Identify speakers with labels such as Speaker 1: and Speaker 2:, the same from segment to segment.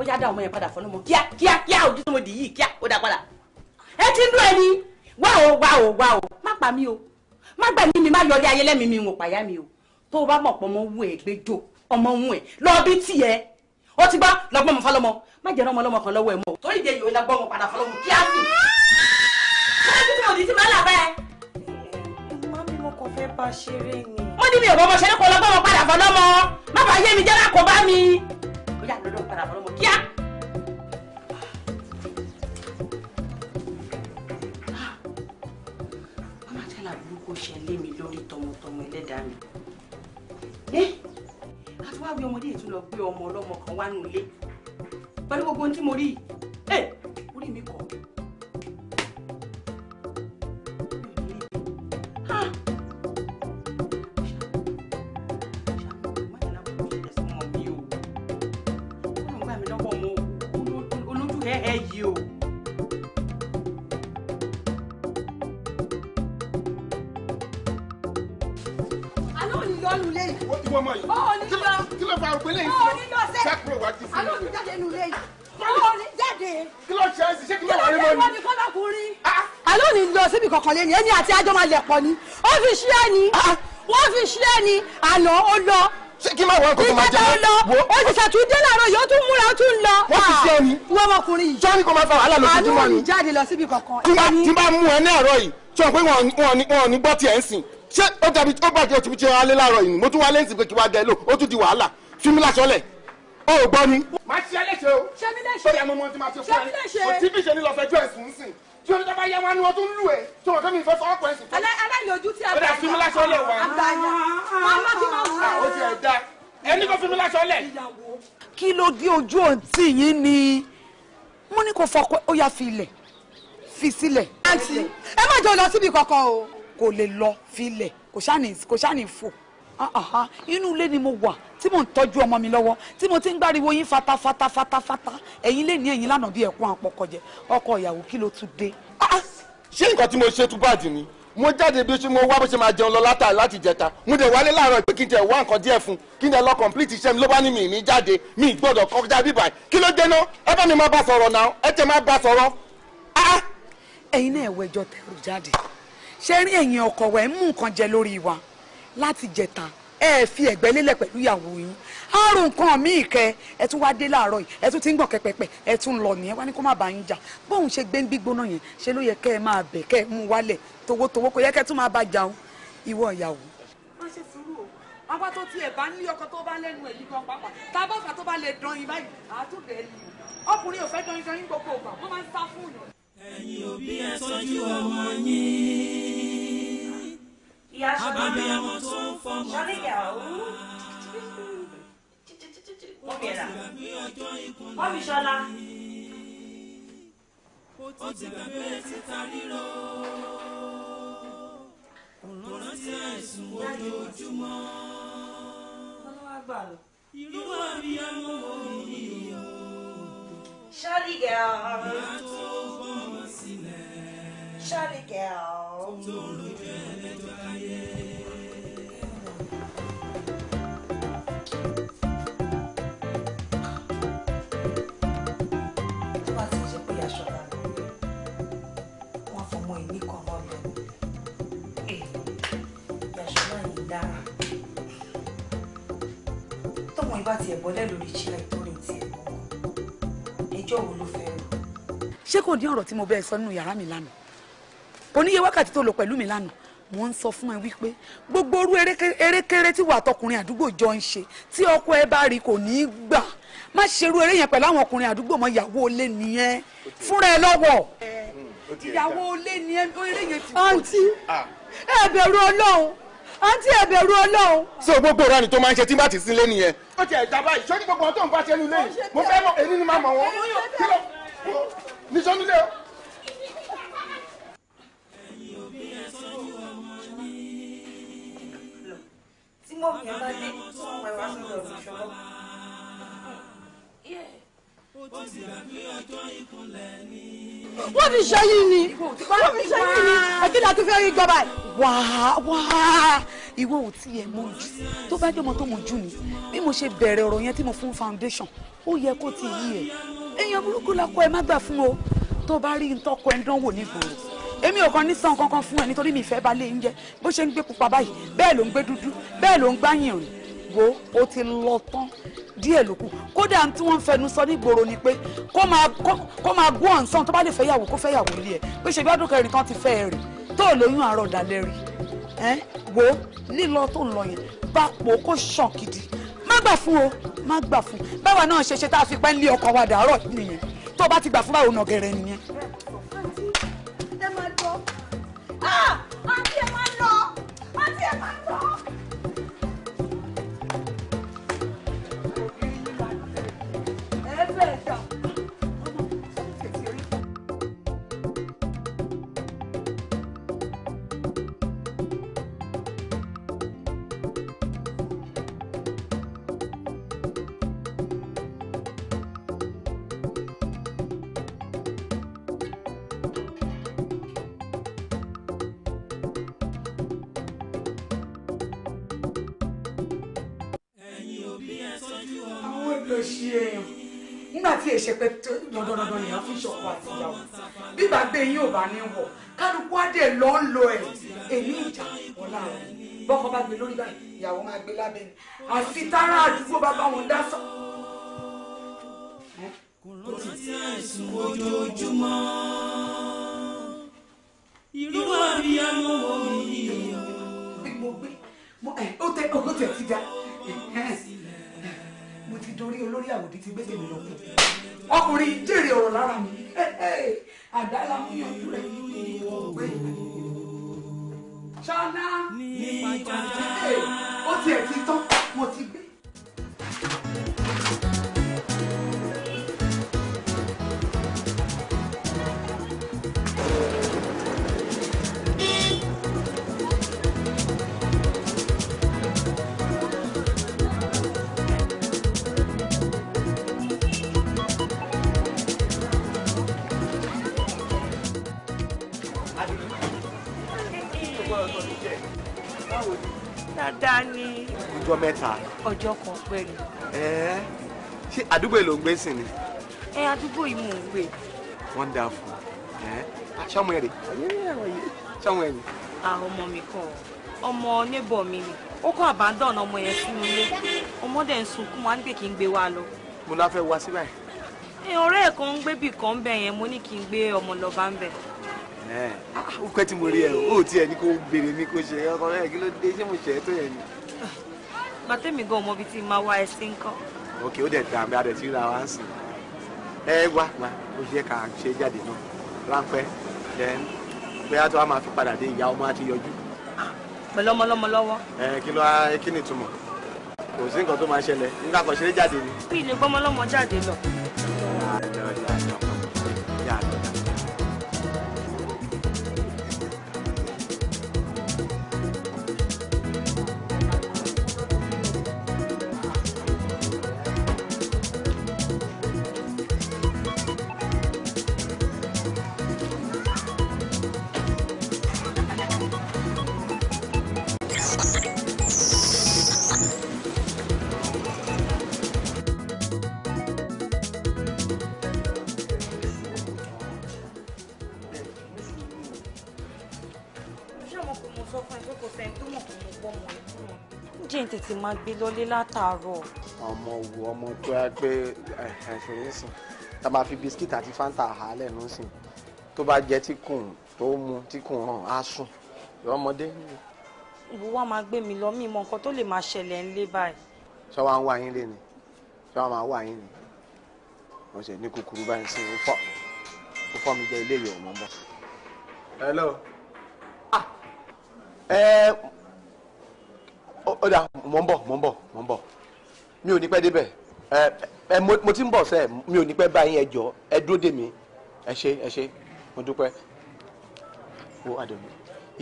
Speaker 1: bóyá dá ọmọ yẹn padà fọlọ́mọ kíá kíá kíá ojú tó mo dì yìí kíá ó dá padà ẹ ti ń dún ẹni wá o wá o wá o má pa mí o má gbẹ̀mí mi má yọrí ayé lẹ́mìí mi wò pàyà mi o tó o bá mọ̀ pọ̀ mọ́ wù ẹ́ gbẹjọ ọmọ wù ẹ́ lọ bí tiẹ̀ ó ti gbọ́ lọ́gbọ́n mi fọlọ́mọ má jẹ́ ọmọ ọlọ́mọ kan lọ́wọ́ ẹ mọ́ o torí ìdè yìí ó lọ́gbọ́n mi padà fọlọ́mọ kíá sí mo ní mi ò bọ́ bọ́ ṣe é kó lọ́gbọ́n mi padà fọlọ́mọ má bàa yé mi jẹ́ lákòó bá mi yà lọ́dọ̀ padà bọ́ lọ́mọ kíá. mama jala burúkú ṣe lé mi lórí tọmọtọmọ ẹlẹ́dàá mi. àti wá wí ọmọdé yìí tún lọ gbé ọmọ ọlọ́mọ kan wá nù ilé pẹ̀lú gbogbo ohun mo rí yìí orí mi kọ̀. ni èmi àti ajọ́ máa lẹ̀ pọ̀ ni ó fi ṣí ẹ ni wọ́n ah, ah. fi ṣí ẹ ni àná ó lọ. ṣé kí n máa wọ ọkọ̀ tó máa jẹ́ wo ó ti ṣàtúndé làárọ̀ yóò tún múra ó tún lọ. wọ́n fi ṣí ẹ ni ah,
Speaker 2: wọ́n ọmọkùnrin yìí. sọ́ni kò máa fa wàhálà lójoojúmọ́ ni àánú
Speaker 1: ìjáde lọ síbi kankan. tí bá mú ẹ ní àárọ̀ yìí
Speaker 2: tí wọ́n pé wọn ò ní gbọ́ tiẹ̀ ń sìn ṣé ó dàbí ó bàjẹ́ òtún ti wálé láàárọ̀ yìí mo tún wálé ń sìn pé kí wá dẹ lò ó tún di wàhálà fi mí láṣọ lẹ̀ ó gbọ́ ni. má ṣe ẹ léṣe o ṣé mi léṣe ṣé mi léṣe o tí bí ṣe ni lọ fẹjọ́ ẹ̀sùn ń sìn tí oníjà bá yá wa ni wọn tún lù ẹ tí wọn kọ́ mi fẹ́ fọwọ́ pẹ́ sí. aláìlójú tí a bá yà fún mi lásán lẹ̀ wá. àgbàyà màmá tí máa wù. ó ti ẹ̀ da ẹni kò fi mi lásán lẹ̀.
Speaker 1: kí ló dé ojú òǹtí yín ni mo ní kò fọkọ ó yà fi ilẹ̀ fi sílẹ̀. ẹ má jọ lọ síbi kankan o kò lè lọ fi ilẹ̀ kò ṣáà fò. Ah, ah, ah. inú ilé ni mo wà tí mò ń tọ́jú ọmọ mi lọ́wọ́ tí mo ti ń gbáriwo yín fatafata fatafata ẹ̀yin lè ní ẹ̀yin lánàá bí ẹ̀kún àpọ̀kọ̀jẹ ọkọ ìyàwó kí ló tún dé.
Speaker 2: ṣé nǹkan tí mo ṣe tún bàjẹ́ ni mo jáde bí mo wá bó ṣe máa jẹun lọ látà láti jẹta mo dẹ̀ wálé láàárọ̀ pé kí n tẹ̀ wá nǹkan díẹ̀ fún kí n tẹ̀ lọ complete iṣẹ́ mi ló bá ní mi ní jáde mi gbọ́dọ̀ kọjá bíbà kí ló dé náà ẹ bá mi máa bá sọ̀rọ̀ náà ẹ tẹ̀ máa bá sọ̀rọ̀.
Speaker 1: ẹ̀yin náà ẹwẹjọ tẹrù jáde ṣé rí ẹ̀yin ọkọ wẹ ń mú nǹkan jẹ lórí wa láti jẹta ẹ fi ẹ̀gbẹ́ lélẹ̀ pẹ̀lú ìyàwó yín àrùn nǹkan míì kẹ ẹ tún wá dé láàárọ̀ yìí ẹ tún ti ń gbọ̀n kẹpẹpẹ ẹ tún lọ nìyẹn wá ní kó má bàa yín jà bóun ṣe gbé ń gbígbóná yẹn ṣe ló yẹ kẹ ẹ máa bẹ̀ kẹ ẹ mú wálẹ̀ towótowó kò yẹ kẹ tún máa bá jà o ìwọ ìyàwó. má ṣe sùúrù o àwa tó tiẹ̀ bá nílé ọkọ tó bá lẹ́nu ẹ̀ yìí gan pápá tá a bá fà tó bá lè dán yín báyìí àtúndẹ̀
Speaker 3: ẹ̀ lè ìyá abiyamọ tó ń fọmọ sọlẹyàwó
Speaker 1: mọmi ẹlà mọmi sọlá.
Speaker 3: ó ti gbàgbé títa ríro kò rántí àìsùn ojoojúmọ́.
Speaker 1: bá tiẹ̀ bọ́lẹ̀ lórí ìṣẹ̀lẹ̀ tó rìn tiẹ̀ ẹjọ́ wo ló fẹ́ rò. ṣé kò dín ọ̀rọ̀ tí mo bẹ́ẹ̀ sọ nínú yàrá mi lánàá oníye wákàtí tó lò pẹ̀lú mi lánàá mo ń sọ fún ẹ wípé gbogbo orú erékeré tí wà tọkùnrin àdúgbò jọ ń ṣe tí ọkọ ẹ bá rí kò ní í gbà má ṣerú eré yẹn pẹ̀lú àwọn ọkùnrin àdúgbò mọ́ ìyàwó olé nìyẹn fúnra ẹ lọ́wọ́ ìyàwó olé nìyẹn eré yẹn ti kú. àǹtí
Speaker 2: ẹ bẹ̀rù ọlọ́run àǹtí ẹ̀bẹ̀rù ọlọ́run. ṣé o gbogbo ìranì tó máa ń ṣe tí bá ti sílé nìyẹn. ó ti ẹ̀dá báyìí sọ́ni gbogbo ọ̀tọ̀ ń bá ṣe nílé yìí mo fẹ́ mọ̀ èyí ni máa mọ̀ wọ́n. ní sọ́ni lé o.
Speaker 3: tí mo fi máa dé tó ń pẹ́ wá
Speaker 1: sọ́dọ̀ ọ̀sán ṣọlọ́
Speaker 3: ó ti gbà pé ọjọ́
Speaker 1: ìkúnlẹ̀ ni. wọ́n fi ṣe yín ni wọ́n fi ṣe yín ni ẹ̀kílẹ̀ tó fẹ́ rí gbọ́ báyìí. wá wá ìwé ò tí ẹ mọ jù tó bá jọmọ tó mọ jù ni bí mo ṣe bẹ̀rẹ̀ ọ̀rọ̀ yẹn tí mo fún foundation ó yẹ kó ti yí ẹ èèyàn burúkú la kọ ẹ má gbà fún o tó bá rí ntọ́kọ ẹ dánwò nígboro èmi ò kàn ní san kankan fún ẹ nítorí mi ìfẹ́ bá lé ń jẹ bó ṣe ń gbé pupa báyìí bẹ́ẹ̀ ló ń gbé dúdú bẹ́ẹ̀ ló ń gbá yìnrìn wo ó ti lọ tán díẹ̀ ló kù kódà tí wọ́n ń fẹnu sọ nígboro ni pé kó máa gbó ọ̀nsán tó bá lè fẹ́ yàwó kó fẹ́ yàwó lé ẹ̀ pé ṣe bí ọdún kẹrin kan ti fẹ́ ẹ rè tó lóyún àárọ̀ dalẹ́ rè ẹ́ wo lílọ tó ń lọ yẹn bá pò kó ṣàn gidi má gbà fún o má gbà fún báwa náà ṣe ṣe tá a fi pẹ́ ń lé ọkọ wa dàárọ̀ nìyẹn tó bá ti gbà fún báwo nàgẹ̀rẹ̀ nìyẹn.
Speaker 3: ẹ ah! ẹ máa lọ àǹtí ẹ máa lọ.
Speaker 1: ìṣọ̀kọ àtìyàwó bíbàgbé yín ò bá ní wọ̀ kálukú adé lọ ń lo ẹ̀ èmi ìjà wọn láàrin bọ́kọ bá gbé lórí báyìí ìyàwó máa gbé lábẹ́ ni àfi
Speaker 2: tára àdúgbò bá bá wọn dá sọ.
Speaker 3: kò rántí àìsùn ojoojúmọ́ irú àbíyá ló wọ̀ mí. gbígbó gbé ó tẹ ti ga
Speaker 1: lórí àwòdì ti gbé tèmi lọ́kùn ọkùnrin jèrè ọ̀rọ̀ lára mi àdálà mú yanjú rẹ̀ pé ṣáná ó tiẹ̀ ti tán. ọjọ́ kan péré.
Speaker 2: ṣé àdúgbò èlò ń gbé sí ni.
Speaker 1: ẹ àdúgbò yìí mò
Speaker 2: ń gbé. wonderful ẹ ṣọmọ àwọn ọmọ mi kọ
Speaker 1: ọmọ neighbor mi ni ó ọmọ yẹn sínú ilé ọmọdé ń sunkún wa nígbè wa lọ.
Speaker 2: mo la fẹ́ wá sí báyìí.
Speaker 1: ọ̀rẹ́ ẹ̀ kan ń gbé bì kan bẹ̀ yẹn mo ní kí n gbé ọmọ lọ bá ń bẹ̀
Speaker 2: ó pẹ́ tí mo rí o ò tiẹ̀ ní kó béèrè ọkọ kí ló dé ṣé mo ṣe é tó
Speaker 1: gbàtẹ́mi gan ọmọ ibi tí máa wá ẹsẹ̀ ńkọ́.
Speaker 2: ok ó dẹ̀ dàmí adẹ̀ tí ra wá ń sìn ẹ wá wá ó yẹ ká ṣe jáde náà ráńpẹ́ then bóyá tó a máa fi padà dé ìyá ọmọ àti yọjú.
Speaker 1: pẹ̀lú ọmọlọ́mọ lọ́wọ́.
Speaker 2: ẹ kí ló kí ni ìtumọ̀ kò sí nǹkan tó máa ṣẹlẹ̀ nígbà kan ṣeré jáde ni.
Speaker 1: mi ì lè gbọ́mọlọ́mọ jáde lọ.
Speaker 2: máa gbé lọlé látàárọ̀. ọmọ wo ọmọ tó yá pé ẹ̀sùn yìí sìn tá a bá fi bisikíìtì àti fanta àhálẹ̀ ló sìn tó bá jẹ́ tí kùn tó mu tí kùn hàn á sùn ìwọ ọmọdé.
Speaker 1: ìwọ wa máa gbé mi lọ mí mọ nǹkan tó lè máa ṣẹlẹ̀ ńlé báyìí.
Speaker 2: sọ wa ń wá yín lé ni sọ wa máa wá yín ni wọ́n ṣe ní kúkúrú báyìí sí i ó fọ́ mi jẹ́ ilé ìyẹ̀wò mọ́ bọ́. hello. ah ẹ. Eh, ó dà mọ̀ ń bọ̀ mọ̀ ń bọ̀ mọ̀ ń bọ̀ mi ò ní pẹ́ débẹ̀ ẹ ẹ mo ti ń bọ̀ sẹ́ mi ò ní pẹ́ bá yín ẹ jọ ẹ dúró dè mí ẹ ṣé ẹ ṣé mo dúpẹ́ wo àdèmí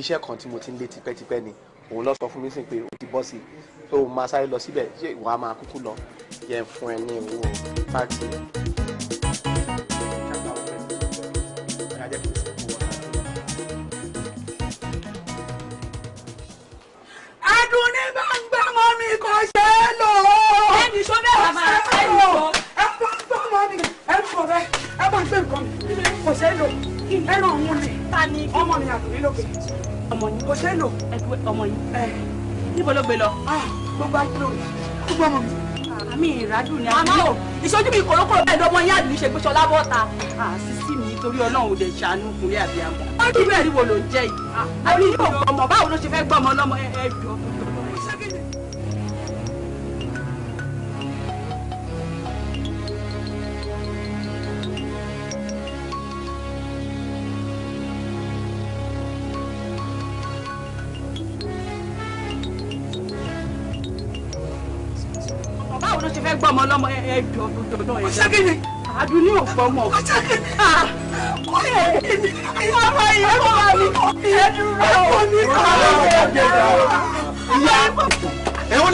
Speaker 2: iṣẹ́ kan tí mo ti ń lé tipẹ́tipẹ́ ni òun lọ sọ fún mi sí pé o ti bọ́ sí i tó o máa sáré lọ síbẹ̀ ṣé ìwà máa kúkú lọ yẹn fún ẹ ní owó táàkì.
Speaker 1: tó bẹ́ẹ̀ wà é lọ. ẹ bá bá wọn ni ẹ ń bọ̀ bẹ́ẹ̀ ẹ é lò ẹ ràn ọmọ mi ta ni ọmọ mi àbúrí lókè. yìí é lò. ọmọ yìí níbo ló gbé lọ. Ah, gbogbo àgbẹ̀ òní gbogbo ọmọ mi. àmì ìrádùn ni àmì ò ìṣojú mi kòrókòrò bẹ́ẹ̀ lọ́mọ yín àdùn ṣe gbéṣọ́ lábọ́ta. àṣìṣ torí ọlọ́run ò lè ṣàánú kúnlé àbíyá. ó dúró ẹ̀rí wo ló ń jẹ́ yìí. Ah, àbí yóò gbọmọ báwo ló ṣe fẹ́ gbọmọ lọ́mọ ẹ̀ẹ́dùn. Ọ̀ṣẹ́kìnì. Àdùnní ò gbọ́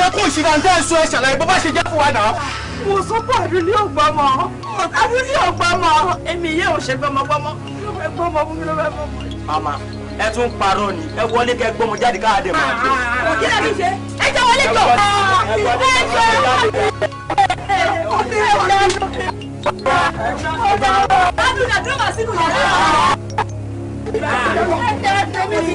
Speaker 2: ẹ̀sùn ẹ̀ṣẹ̀
Speaker 1: láì bọ́ ṣe jẹ́ fún wa náà. Mo sọ pé àdùnní ò gbọ́ mọ̀. Àdùnní ò gbọ́ mọ̀. Èmi yẹ́ ò ṣe gbọ́mọ gbọ́mọ. fún mi ló fẹ́ mọ̀. Màmá ẹ tún parọ́ ni ẹ wọlé kẹ gbọ́mọ jáde káàdé máa tó. Kò jẹ́ ẹ̀mí ṣe.
Speaker 3: Ẹ jẹ́ wọlé jọ. Ẹ
Speaker 1: jọ. sínú mi. ọmọ yìí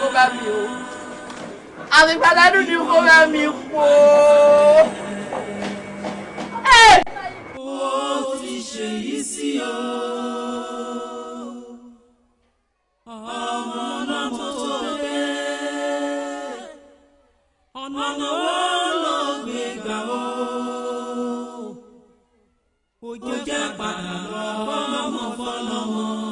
Speaker 1: kó bá mi o àmì pàdánù ni kó bá mi
Speaker 3: kó. ó ti ṣèyí sí o. ọ̀nà wo ló gbé gbà ó kò jẹ́ padà lọ ọmọ fọlọ́mọ.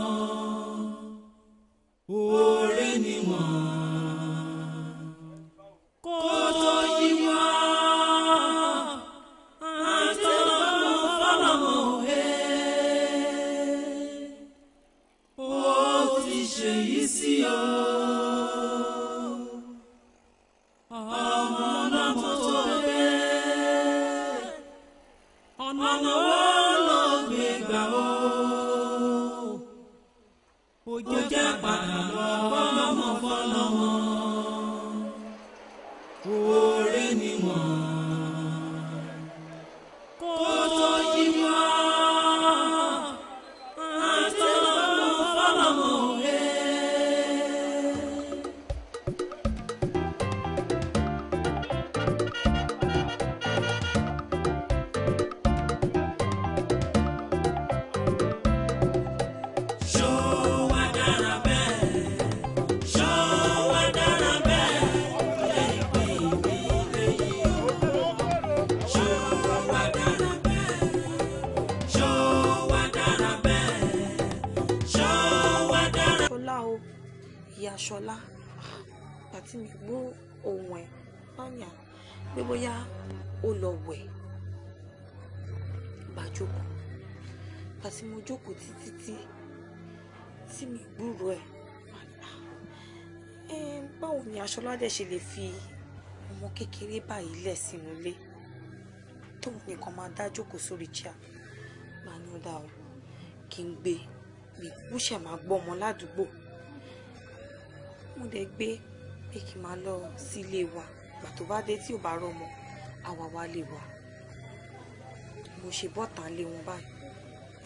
Speaker 3: ṣọlá
Speaker 1: àti mi gbọ́ ohun ẹ̀ pààyàn pé bóyá ó lọ wẹ̀ bá jókòó àti mo jókòó títí tí tí mi gbúrò ẹ̀ ah, báwo ni aṣọládé ṣe lè fi ọmọ kékeré báyìí lẹ̀ sínú ilé tóun nìkan máa dá jókòó sórí chair máa ní ó dá o kí n gbé e. mi kúṣẹ̀ máa gbọ́ ọmọ ládùúgbò mo dẹ̀ gbé pé kí n máa lọ sílé wa ìgbà tó bá dé tí ò bá rọmọ àwa wa lè wà mo ṣe bọ́ta lé wọn báyìí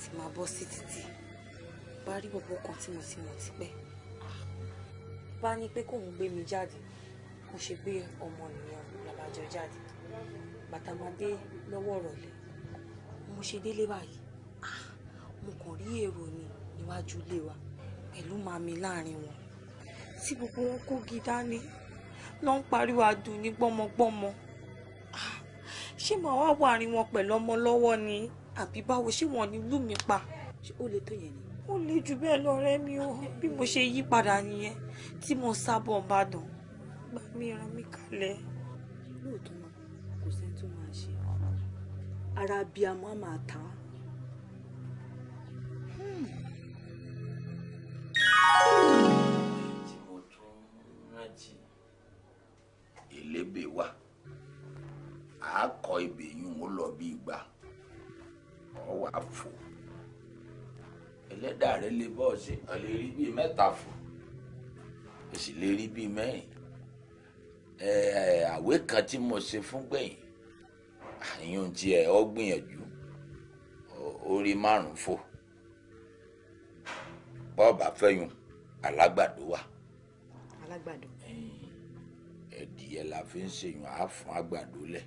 Speaker 1: tí máa bọ́ sí títì bá rí bọ̀bọ̀ kan tí mo ti mọ̀ tipẹ́ bá ní pé kóun gbé mi jáde mo ṣe gbé ọmọ nìyẹn làbàjọ jáde bàtà máa dé lọ́wọ́ ìrọ̀lẹ́ mo ṣe délé báyìí ah, mo kàn rí èrò ni níwájú ilé wa pẹ̀lú màmí láàrin wọn tí gbogbo wọn kó gidá ni ń pariwo adùn ní gbọ́mọgbọ́mọ ah, ṣé màá wá wà rìn wọn pẹ̀lú ọmọ lọ́wọ́ ni àbí báwo ṣé wọn ní lù mí pa. ṣé ó lè tó yẹn ni. ó lè jù bẹ́ẹ̀ lọ rẹ́ mi o bí mo ṣe yí padà nìyẹn tí mo sábọ̀ ń bàdàn gbà mí ràn mí kalẹ̀. lóòótọ́ náà kò sẹ́ni tó máa ṣe ara bíi àmọ́ àmà tán.
Speaker 3: Hmm
Speaker 4: elébè wà á kọ ibè yún ó lọ bí ìgbà ọ wà fò ẹlẹ́dàá rẹ lè bọ́ ṣe ọ lè rí bíi mẹ́ta fò o sì lè rí bíi mẹ́rin àwé kan tí mo ṣe fún gbẹ̀yìn àyùn tiẹ̀ ọ gbìyànjú orí márùn-ún fò bọ́ọ̀bà fẹ́yùn alágbàdo wà. alágbàdo ìyẹ́ la fi ń ṣèyàn á fún àgbàdo lẹ̀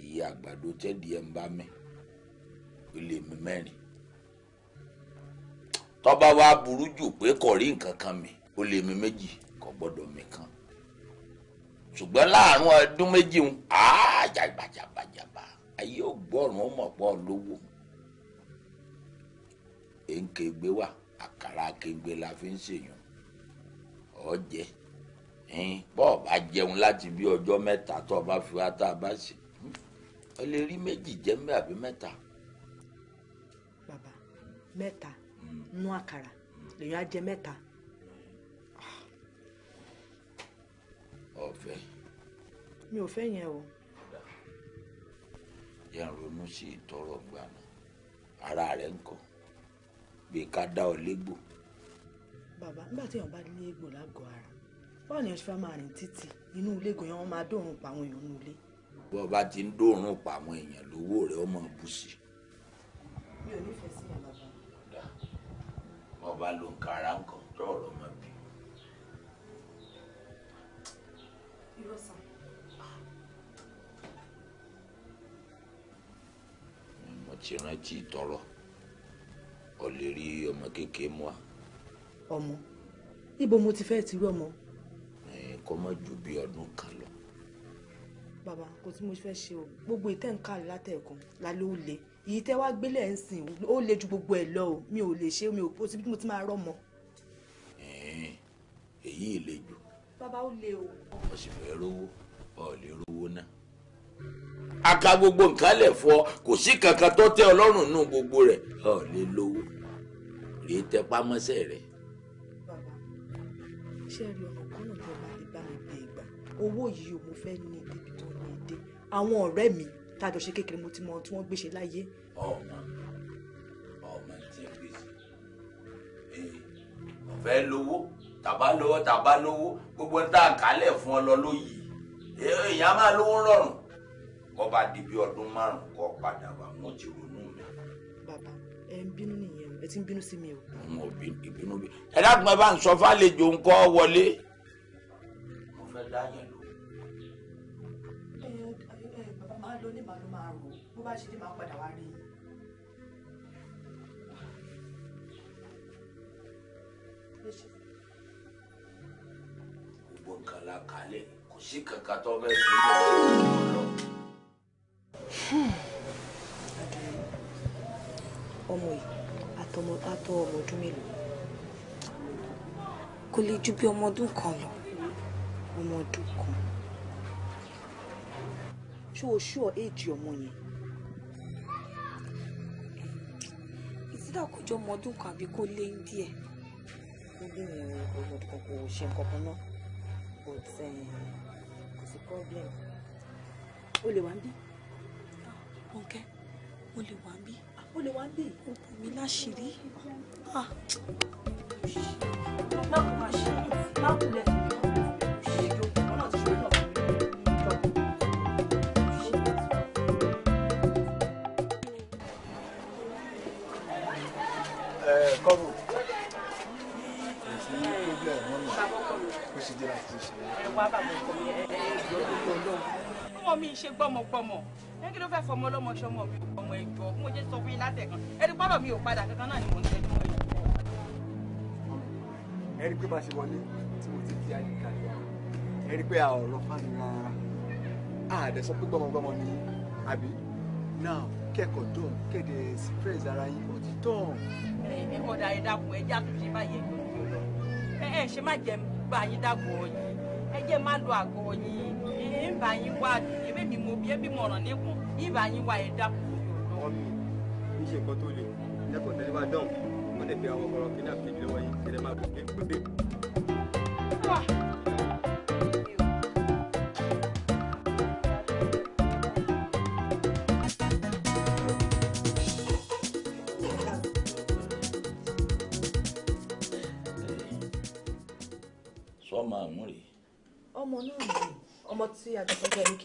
Speaker 4: iye àgbàdo tẹ́ẹ̀dì ẹ̀ ń bá mi ó lè mi mẹ́rin tọ́ba wa burú jù pé kò rí nǹkan kan mi ó lè mi méjì kò gbọ́dọ̀ mi kan ṣùgbọ́n láàárín ọdún méjì ń àjàgbàjàgbàjàgbà ayé ògbọ́rùn ó mọ̀ pọ̀ lówó èǹkègbè wà àkàrà kègbè la fi ń ṣèyàn ọ̀jẹ̀. Oh, yeah bọ́ ọ bá jẹun láti bí ọjọ́ mẹ́ta tó o bá fi wá tá a bá ṣe ọ lè rí méjì jẹ́ mbẹ́ àbí mẹ́ta.
Speaker 1: bàbá mẹ́ta nú àkàrà lèyàn á jẹ mẹ́ta. Ah, ọ̀fẹ́. mi ò fẹ́ yẹn o.
Speaker 4: yẹn ronú sí ìtọrọ gbàna ara rẹ ńkọ́ bí e ká dá ọ légbò.
Speaker 1: bàbá nígbà tí èèyàn bá ní egbò lágọ̀ọ́ ara báwo ni oṣù fẹ́ máa rìn títì inú ilé gòyàn wọn máa dòrùn pa àwọn èèyàn nínú ilé.
Speaker 4: bí ọba ti ń dòrùn pa àwọn èèyàn lówó rẹ ọmọ bù sí.
Speaker 5: mi ò nífẹ̀ẹ́ sí yàrá
Speaker 4: bàbá. ọba ló ń kara nǹkan tó ọ̀rọ̀ mọ́ bí. mo ti rántí ìtọ́rọ̀ ọ lè rí ọmọ kékeré mọ́ a.
Speaker 1: ọmọ ibo mo ti fẹ́ ti rí ọmọ
Speaker 4: kó má ju bí ọdún kan lọ.
Speaker 1: bàbá kò tí mo fẹ́ ṣe o gbogbo ìtẹ́ ń kàlù látẹ̀kùn lálẹ́ ó le èyí tẹ́ wá gbélé ẹ̀ ń sìn ó le ju gbogbo ẹ̀ lọ o mi ò lè ṣe mi ò kó síbi tí mo ti máa rọ́mọ.
Speaker 4: èyí ì jù.
Speaker 1: bàbá ó le o.
Speaker 4: mo sì fẹ́ rówó ọ̀ lè rówó náà aka gbogbo nǹkan lẹ̀ fọ kò sí kankan tó tẹ́ ọlọ́run nù gbogbo rẹ̀ ọ̀ lè lówó rèé tẹpá mọ́sẹ̀ rẹ̀. bàbá
Speaker 1: ṣe é rí owó yìí o mo fẹ́ ní débi tó ní èdè àwọn ọ̀rẹ́ mi tájọ ṣe kékeré mo ti mọ tí wọ́n gbé láyé. ọmọ
Speaker 4: ọmọ tí
Speaker 3: ẹ gbé ee
Speaker 4: ọ̀fẹ́ lówó tàbá lówó tàbá lówó gbogbo tá a kálẹ̀ fún ọ lọ lóyè èèyàn máa lówó rọrùn kọ́ bá di bí ọdún márùn-ún kọ́ padà wà mo ti ronú mi.
Speaker 1: bàbá ẹ ń bínú nìyẹn ẹ ti ń bínú sí mi o.
Speaker 4: ìbínú bí ẹ dákun ẹ bá ń sọ fálejò ńkọ́ wọlé
Speaker 2: dá yẹn lò.
Speaker 1: bàbá máa lọ onímọ̀ ló máa rò bó bá ṣe dé máa padà wá rí i.
Speaker 4: gbogbo nǹkan la kalẹ̀ kò sí kankan tó fẹ́ sí i lọ.
Speaker 1: ọmọ yìí àtọmọ ọdún mélòó kò lè ju bí ọmọ ọdún kan lọ ọmọ ọdún kan ṣé o ṣú ọ éèjì ọmọ yẹn ìsídà kò jọ ọmọ ọdún kan àbí kó lé ń díẹ̀.
Speaker 2: ó bí mi ọmọ ọdún kan kò ṣe nǹkan kan náà but eh, kò sí problem.
Speaker 1: o lè wá ń bí. Fúnkẹ́ ah, o lè wá ń bí. Ah, o lè wá ń bí. o bù mí láṣìírí.
Speaker 3: Ah. Lọ́kùnrin máa ṣe é.
Speaker 1: ń ṣe gbọ́mọgbọ́mọ ẹ kí ló fẹ́ fọmọ ọlọ́mọ ṣọmọ mi ò fọmọ mo jẹ́ sọ fún yín látẹ̀kan ẹni gbọ́dọ̀ mi ò padà kankan náà
Speaker 2: ni mò ń tẹ́lẹ̀ mọ́ yìí. ẹ rí i pé bá ṣe wọlé tí mo ti di àyíká yìí ẹ rí i pé àọ̀rọ̀ fáni àdẹ sọ pé gbọ́mọgbọ́mọ ni àbí náà kẹ́kọ̀ọ́ dùn kéde express ara yín ọtí tán. ẹ ẹ ọ̀dà ẹ dàpọ̀ ẹ já tún ṣe báyẹn lójú ẹ ẹ ṣe má jẹ́ bá yín
Speaker 1: dàpọ̀ yín ẹ jẹ́ má lo àgọ́ yín ẹ ń bá yín wá dùn bí ebi mọ̀ràn nìkan ìbá yín wá ẹ̀ dákú.
Speaker 2: ọmọ mi
Speaker 5: ń ṣe nǹkan tó le ẹkọ tẹlẹ bá
Speaker 2: dáhùn mo lè fi àwọn ọmọ ọ̀rọ̀ kí ní àfihàn lọ́wọ́ yìí kẹlẹ máa bọ pé
Speaker 3: pé.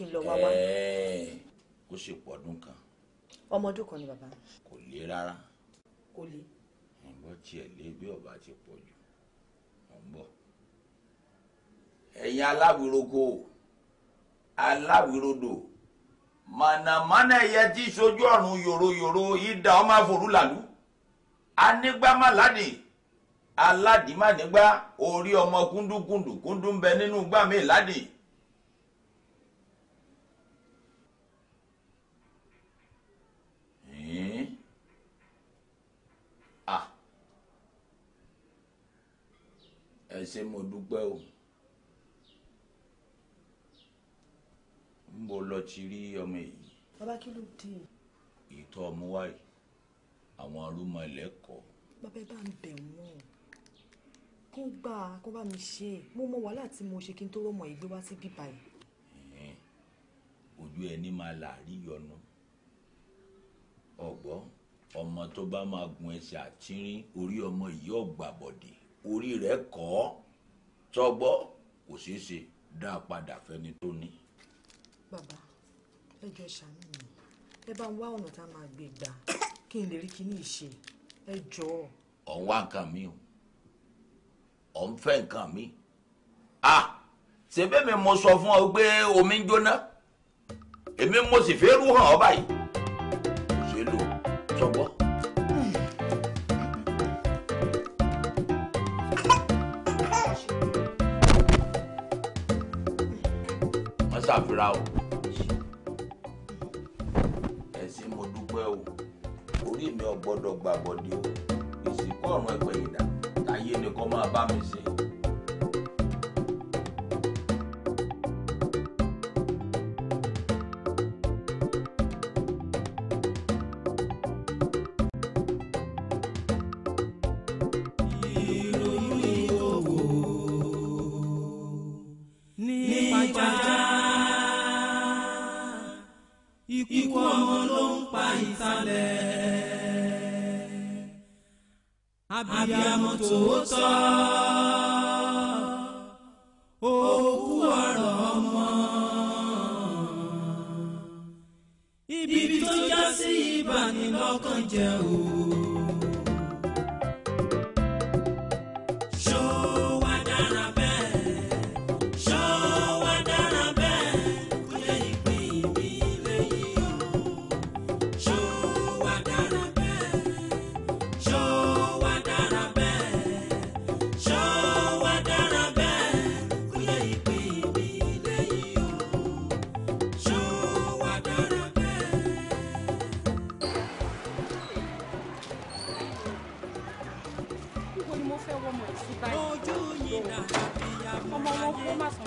Speaker 1: kí n lọ wá wá.
Speaker 4: kó ṣe pọ̀ ọdún kan.
Speaker 1: ọmọ ọdún kan ni bàbá.
Speaker 4: kò le rárá. kò le. ìbọn tiẹ̀ lé bí ọba ti pọ̀ jù wọ́n bọ̀. ẹ̀yin aláwìroko aláwìrodò mànàmáná ẹyẹ tí sojú ọ̀run yòròyòrò ìdá ọmọ àforúlàlú anígbàmáládì aládìmánìgbà orí ọmọ kúndùkúndù kúndùn bẹ nínú gbàmí ìládìí ẹ mo dúpẹ́ o ń bo lọ ti rí ọmọ èyí.
Speaker 1: bàbá kí ló dé.
Speaker 4: ìtọ́ ọmọ wa yìí àwọn arúmọ ẹlẹ́kọ̀ọ́.
Speaker 1: bàbá ẹ bá ń bẹ̀ wọ́n kó gbà kó bá mi ṣe é mo mọ wàhálà tí mo ṣe kí n tó rọmọ ìgbé wá sí bíbá
Speaker 4: yìí. ojú ẹni máa làárí yọnu ọgbọ́n ọmọ tó bá máa gun ẹsẹ̀ àtìrín orí ọmọ yìí ọgbà bọ̀dẹ̀ orí rẹ̀ kọ́ sọgbọ́ kò ṣeé ṣe dá padà fẹ́ni tó ní.
Speaker 1: bàbá ẹ jọ̀ọ́ ṣàánú mi ẹ bá ń wá ọ̀nà tá a máa gbé gbà kí n lè rí kíní ìṣe ẹ jọ̀ọ́.
Speaker 4: ọ̀ ń wá nǹkan mi o ọ̀ ń fẹ́ nǹkan mi a ṣebí mi mo sọ fún ọ pé omi ń jóná èmi mo sì fẹ́ rú hàn ọ báyìí ṣe lò sọgbọ́n. àfírà o ẹ̀sìn mo dúpẹ́ o orí mi ò gbọ́dọ̀ gbàgbọ́dé o ìsìnkú ọ̀run ẹgbẹ̀yìndà táyé ni kò máa bá mi ṣe.
Speaker 3: abiyamọ tòótọ́ òkú ọ̀rọ̀ ọmọ ibi tó já sí ìbànilọ́kànjẹ́ òun.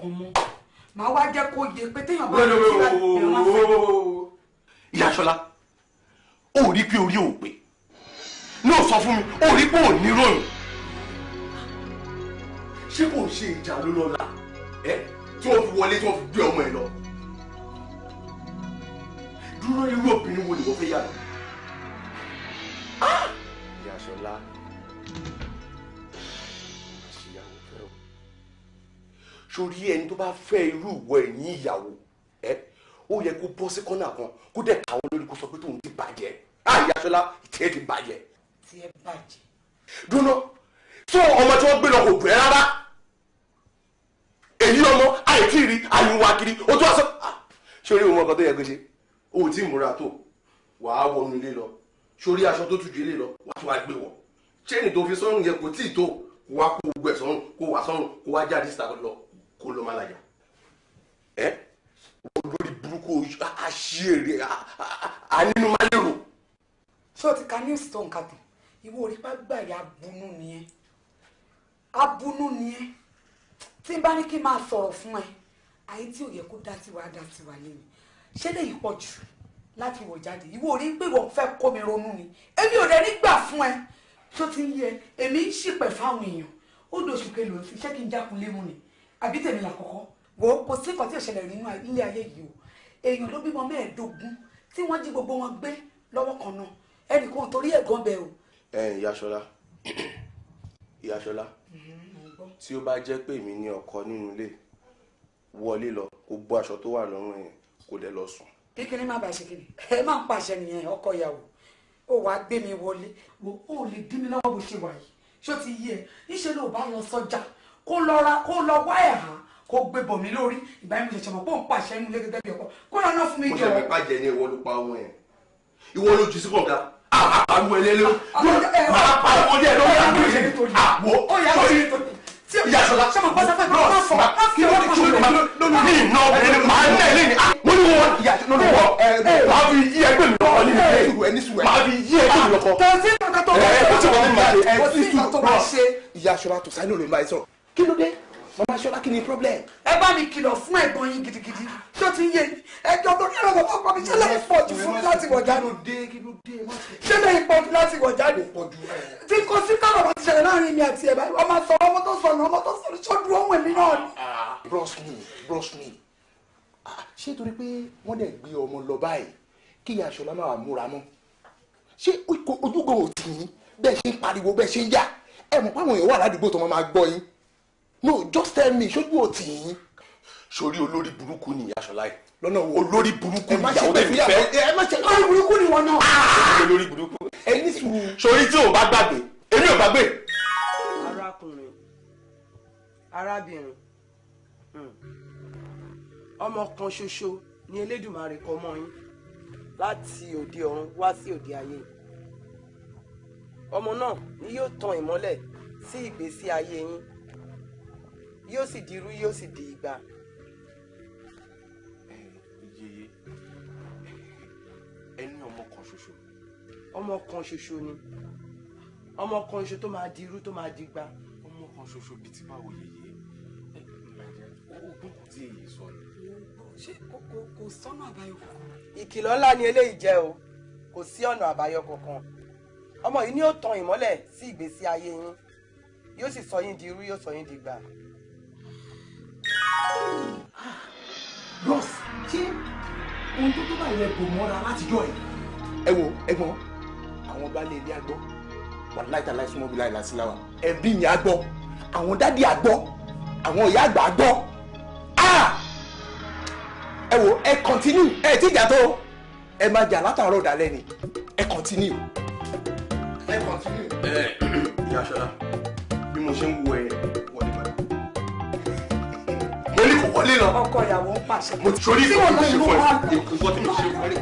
Speaker 1: kankan mọ́ màá wá jẹ́ kó yẹ pé téèyàn bá yẹ kí ẹ̀rọ máa
Speaker 5: fẹ́.
Speaker 2: ìyá aṣọlá ò rí pé orí ò pé ní ò sọ fún mi ò rí pé ò ní ròyìn ṣé kò ṣe ìjà ló lọ la ẹ tí wọ́n fi wọlé tí wọ́n fi gbé ọmọ ẹ lọ dúró irú obìnrin wo ni wọ́n fẹ́ yà lọ. Ah! ìyá aṣọlá. sórí ẹni tó bá fẹ́ irú ìwọ ẹ̀yìn ìyàwó ẹ ó yẹ kó bọ́ sí kọ́nà kan kó dẹ̀ káwọn lórí kó sọ pé tóun ti bàjẹ́ àyè aṣọlá tiẹ̀ ti bàjẹ́.
Speaker 1: tiẹ̀ bàjẹ́.
Speaker 2: dúró tó ọmọ tí wọ́n gbé lọ kò gbẹ rárá èyí ọmọ àìkiri àyùwà kiri ó tó aṣọ. sórí ohun ọkọ tó yẹ kó ṣe ohun tí ìmúra tó wàá wọnú ilé lọ sórí aṣọ tó tùjú ilé lọ wàá tó wá gbé wọ ṣé ènìtò fi sọrùn yẹ kò tí ì tó kó wá kó gbogbo ẹ kó wá sọrùn kó wá jáde síta lọ kó ló má lajà ẹ olórí burúkú aṣèrè ànínú má lérò. ṣé o ti ka news tó nǹkan tán
Speaker 1: ìwọ orí bá gbàyà abunú nìyẹn abunú nìyẹn tí n bá ní kí n máa sọ̀rọ̀ fún ẹ àyè tí ò yẹ kó dá tiwa dá tiwa lẹ́yìn ṣé lè yí pọ̀ jù láti wò jáde ìwọ orí ń pè wọ́n fẹ́ kó mi ronú ni èmi ò rẹ̀ ní gbà fún ẹ tó ti ń yẹ èmi ń ṣìpẹ̀ fáwọn èèyàn ó dòṣù kelo ṣe kí n jákun lému ni àbí tèmi làkọ́kọ́ wò ó kò sí nǹkan tí ò ṣẹlẹ̀ nínú ilé ayé yìí o èèyàn ló bímọ mẹ́ẹ̀ẹ́dógún tí wọ́n jí gbogbo wọn gbé lọ́wọ́ kan náà ẹnì kan torí ẹ̀gbọ́n bẹ́ẹ̀ o.
Speaker 2: ẹ ẹ ìyáṣọlá ìyáṣọlá tí ó bá jẹ́ pé èmi ní ọkọ nínú ilé wọlé lọ kó bọ́ aṣọ tó wà lọ́rùn yẹn kó dẹ̀ lọ sùn.
Speaker 1: kíkiri má bàa ṣe kiri ẹ máa ń pàṣẹ nìyẹn ọkọ ìyàwó ó wàá gbé mi wọlé wò ó lè dín mi lọ́wọ́ bó ṣe wà yìí ṣó ti yí ẹ níṣẹ́ ló bá lọ sọ́jà. So kó lọ ra kó lọ wá ẹ̀há kó gbé bọ̀ mí lórí ìgbà yẹn mo ṣẹ̀ṣẹ̀ mọ̀ pé òun pàṣẹ inú ilé gẹ́gẹ́ bí ọkọ
Speaker 2: kó lọ ná fún mi jọ. mo ṣe pàjẹ́ ní ìwọ ló pa ọmọ yẹn ìwọ ló jù sí kọ̀ọ̀gá àpàlù ẹlẹ́lẹ́ máa pa ọmọdé ẹ lọ́wọ́ àgbẹ̀ àpò sórí ìyàsọ̀lá lọ́ọ̀sì kí ló ti tún mi ní iná obìnrin máa ń tẹ̀lé ni mo ní wọn lọ́wọ́ máa fi yí ẹgbẹ́ mi lọ́kọ̀ ní ìlú máa fi yí ẹgbẹ́ mi lọ́kọ̀ ẹ ẹ ó ti wọ́n mi máa ṣe ẹ ti tún ìyàsọ̀lá tó sáyé ló lè máa sọ̀rọ̀ kí ló dé mama ṣọlá kí ni problem. ẹ bá mi kìlọ̀ fún ẹ̀gbọ́n yín gidigidi tó ti yé ẹjọ́ tó kẹ́rọ̀ tó fọ́pọ̀ mi ṣẹlẹ̀
Speaker 1: ìpọ̀jù fún láti wọ̀ jáde ṣẹlẹ̀ ìpọ̀jù láti wọ̀ jáde tí
Speaker 2: kò sí káwọn ọmọ ti ṣẹlẹ̀ láàrin mi àti ẹ̀bá ọmọ sọ ọmọ tó sọnù ọmọ tó sọnù ṣọ́dún ohun èmi náà ni. bros me bros me ṣé torí pé wọ́n dẹ̀ gbé ọmọ lọ báyìí
Speaker 5: kí ìyá ṣọlá máa múra mọ́
Speaker 2: ṣé ojúgbọ̀n òtún bẹ́ẹ̀ ṣe ń pariwo bẹ́ẹ̀ ṣe ń yá ẹ̀ mọ̀ pé àwọn èèyàn wà ládùúgbò tó máa gbọ́ yín no just tell me ṣojú ò tì yín sórí olórí burúkú ni aṣọlá yìí lọ́nà wo olórí burúkú ni ìyàwó tẹ̀lé fẹ́ ẹ má ṣe olórí burúkú ni wọn náà ah! olórí burúkú ẹ ní sùúrù. sórí tí o bá gbàgbé èmi ò bá gbé. arákùnrin arábìnrin hmm. ọmọ kan ṣoṣo ni elédùnmarè kọ mọ yín láti òde ọ̀run wá sí òde ayé ọmọ náà ni yóò tan ìmọ́lẹ̀ sí ìgbésí ayé yín yóò sì di irú yóò sì di igba. ìjẹyẹ ẹni ọmọ kan ṣoṣo. ọmọ kan ṣoṣo ni ọmọ kan ṣoṣo tó máa di irú tó máa di igba. ọmọ kan ṣoṣo bíi ti báwo yẹyẹ ogún kò tí èyí sọ ni. ṣé kò sọ́nà àbáyọ kankan. ìkìlọ̀ ńlá ni eléyìí jẹ́ o kò sí ọ̀nà àbáyọ kankan ọmọ yìí ni yóò tan ìmọ́lẹ̀ sí ìgbésí ayé yín yóò sì sọ yín di irú yóò sọ yín di gbà. Ross ṣé
Speaker 3: ohun tó tó bá yẹ kò
Speaker 2: mọ́ra látijọ́ ẹ̀. ẹ wo ẹ̀gbọ́n àwọn baálé ilé agbọ wà láìta láì súnmọ́ bí láì lásìláwà ẹbí mi agbọ àwọn dádì agbọ àwọn ìyá àgbà agbọ ah! ẹ wo ẹ kọ́ntínú ẹ ti jà tó ẹ máa jà látàárọ̀ dalẹ́ ni ẹ kọ́ntínú ẹ kọ́ntínú. ẹ ẹ ìyá aṣọra bí mo ṣe ń wo ẹ
Speaker 5: èmi kò wọlé lọ. ọkọ ìyàwó ń pàṣẹ. mo ti sori ìfọwọ́ mo ṣe fún
Speaker 2: ẹ ìwọ tí mo ṣe fún ẹ.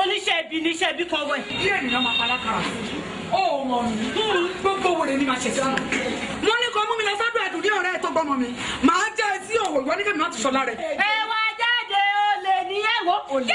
Speaker 1: oníṣẹ́bí níṣẹ́bí kan wẹ̀. bí ènìyàn máa padà kàrà sí ó mọ̀ mí gbogbo wo lè ní máa ṣe sí ọ̀nà. wọ́n ní kó mú mi lọ sọ́dọ̀ àdúrí ọ̀rẹ́ ẹ̀ tó gbọ́mọ mi màá jẹ́ ẹ sí òwò ìwọ ní kẹ́mi má ti sọ lára ẹ. ẹ wá jáde olè ní ẹ̀wọ̀ olè.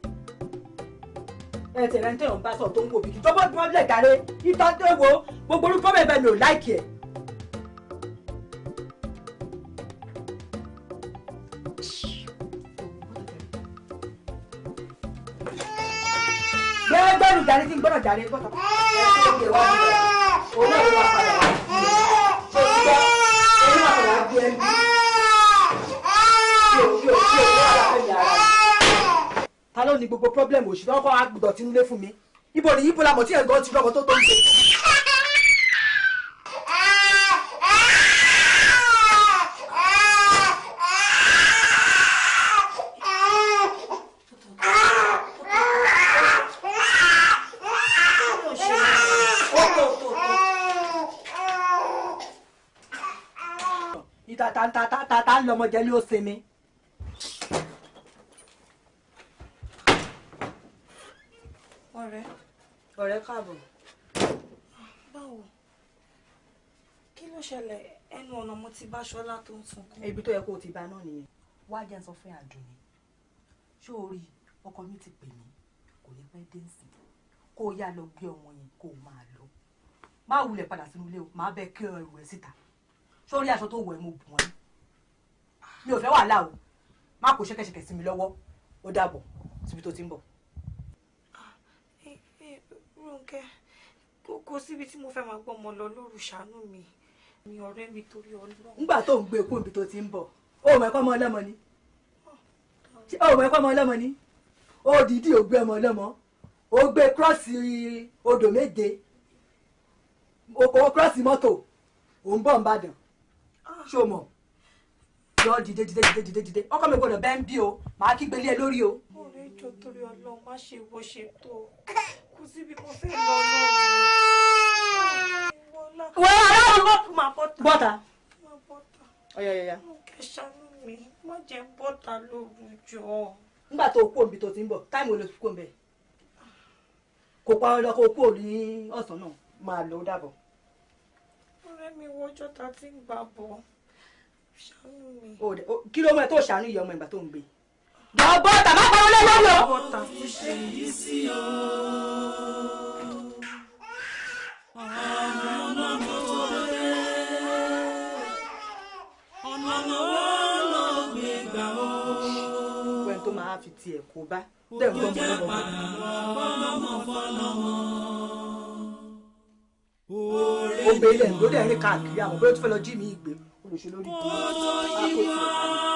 Speaker 1: ẹsẹ̀ rẹ̀ ń tẹ̀yàn bá sọ tó ń wò bìkì jọ́bọ́ bí wọ́n lẹ̀ dáre ìtọ́ tó wo gbogbo orúkọ bẹ́ẹ̀ lò láìkì ẹ̀. bẹ́ẹ̀ gbẹ́rù dáre tí ń gbọ́dọ̀ dáre gbọ́dọ̀
Speaker 3: òun náà ló wà padà wá sí ẹ̀ ṣé o ti gbọ́ òun náà padà wá bí ẹ̀ ń bí.
Speaker 1: ló ní gbogbo problem òṣì tó kọ́ àgbùdọ̀ tí nílé fún mi ibo ni ibo lamọ̀ tí ẹ̀gbọ́n ti rọ́mọ tó tó ń ṣe. ta ta ta ta ta lọmọ jẹ ló sinmi. ọ̀rẹ́. ọ̀rẹ́ káàbọ̀. báwo kí ló ṣẹlẹ̀ ẹnu ọ̀nà mo ti bá ṣọlá tó ń sunkún. ibi tó yẹ kó o ti bá náà nìyẹn wá jẹ́ sọ fún àdùnní ṣó o rí ọkọ mi ti pè mí kò ní pẹ́ dé nsìn kó o yá lọ gbé ọmọ yẹn kó o máa lọ má wulẹ̀ padà sínú ilé o má bẹ kí ẹrù ẹ síta ṣó o rí aṣọ tó wọ̀ ẹ́ mo bù wọ́n mi ò fẹ́ wàhálà o má kó ṣẹ́kẹ́ṣẹkẹ̀ sí mi lọ́wọ́ ó dàbọ̀ síbi tó ti ń bọ̀. Rónkẹ́ kókó síbi tí mo fẹ́ máa gbọ́ ọmọ lọ lóru ṣàánú mi ni ọ̀rẹ́ mi torí Ọlọ́run. nígbà tó ń gbé epo ibi tó ti ń bọ̀ o mọ̀ ẹ̀kọ́ ọmọ ọlọ́mọ ni o mọ̀ ẹ̀kọ́ ọmọ ọlọ́mọ ni o dìídì ò gbé ọmọ ọlọ́mọ o gbé kírọ́ọ̀sì odò méje o kírọ́ọ̀sì mọ́tò ò ń bọ̀ ń bàdàn ah. ṣé o mọ̀ lọ dìde dìde dìde dìde dìde ọkọ mi gbọ́dọ̀ bẹ́ẹ̀ ń bí o màá kígbe lé ẹ lórí o. ọ̀rẹ́ ìjọ torí Ọlọ́run má ṣe wọ́ṣẹ̀ tó Well, I don't want lọ lọ. wọ́n aláwọ̀ yeah, yeah. máa bọ́tà. bọ́tà. ọ̀yọ̀yọ̀yà. kẹ́ ṣàánú mi má jẹ́ bọ́tà lóru jọ. nígbà tó kú òbí tó ti ń bọ̀ táìmù olè kú òǹbẹ̀ kò pa ọlọ́ kó kú òní ọ̀sán náà máa lọ dàbọ̀. ọ̀rẹ́ mi wọjọ́ ta ti ń gbà bọ̀ ṣàánú mi. kí ló mọ̀ tó ṣàánú ìyá ọmọ ìgbà tó ń gbé dọ̀bọ̀ tàbá pa wọlé lọ́wọ́. pẹ̀lú tó máa fi tiẹ̀ kó bá dẹ̀gbọ́n mọ́
Speaker 5: ó gbé ilẹ̀ ló dẹ̀ rí káàkiri àwọn bóyá tó fẹ́ lọ jí mi ìgbé olùṣèlú rí i.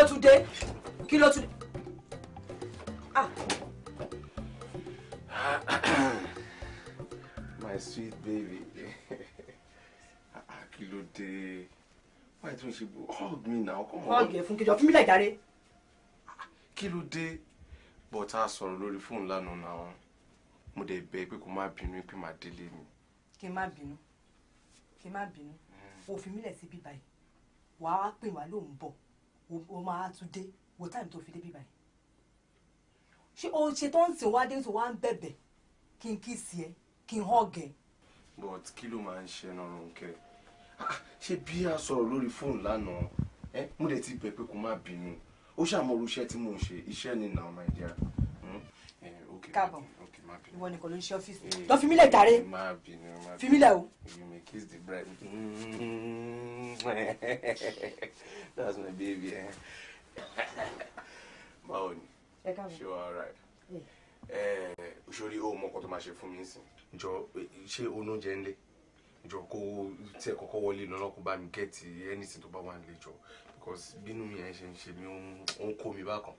Speaker 1: ló tún dé kí ló tún dé. Ah.
Speaker 2: my sweet baby ah, kí ló dé why don't you hug me now come on.
Speaker 1: hug yẹn fún kíjọ fún mi lẹ́jàre.
Speaker 2: Ah, kí ló dé but a sọ̀rọ̀ lórí fóònù lánàá náà mo dẹ̀ bẹ̀ pé kó má bínú pé má délé mi.
Speaker 1: kí n má bínú kí n má bínú òfin hmm. mílẹ̀ síbí báyìí wàá wá pè wá lóun bọ̀ o máa tún dé wo táìmù tó fi dé bíbáyìí ṣé o ṣe tó ń sìn wá dé tó wá ń bẹ̀bẹ̀ kí n kí sí ẹ kí n hàn gẹ̀.
Speaker 2: but kí ló máa ń ṣe ẹnu ọrùn kẹ ah, ṣé bí a sọ̀rọ̀ lórí fóònù lánàá ẹ mo lè ti bẹ̀ pé kó má bínú ó ṣàmọ̀ tí mò ń ṣe iṣẹ́ ni now my dear.
Speaker 1: Hmm? Eh, káàbọ̀ ìwọ nìkan ló ń ṣe ọ́fíìsì eh, lọ fi mí lẹ̀ jàre
Speaker 2: eh, fi mí lẹ̀ o. that's my baby. Eh. báwo ni ṣé wàá rà ẹ sórí ó mọ ọkọ máa ṣe fún mi nísìn jọ ṣé oúnjẹ ń lé jọ kó tí ẹ kọ́kọ́ wọlé lọ lọkùn bá mi gẹẹtì anything tó bá wà nílé jọ because bínú mi yẹn ṣe ń ṣe mi ó ń kó mi bákan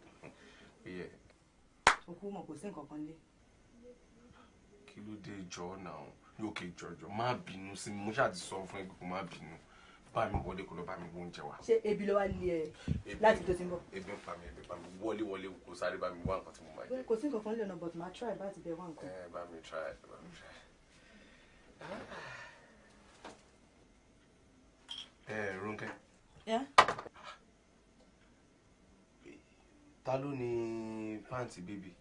Speaker 1: o kú mọ̀ kò sí nǹkan kan lé.
Speaker 2: kí ló dé ìjọ náà yókè jọjọ má bínú sí mi mo ṣáà ti sọ fún ẹgbẹ́ kó má bínú bá mi wọlé kó lọ bá mi wọ oúnjẹ wa. ṣé ebi ló wá lé ẹ láti tó ti ń bọ̀. ebi ń pa mi ebi ń pa mi wọlé wọlé kó sáré bá mi wá nǹkan tí mo máa jẹ.
Speaker 1: kò sí nǹkan kan lè ọ̀nà but màá try bá ti bẹ wá nǹkan. ẹ eh, bá
Speaker 2: mi try bá mi try. ẹ ah. eh, Rónkẹ́. ta ló ni pàǹtí bébì.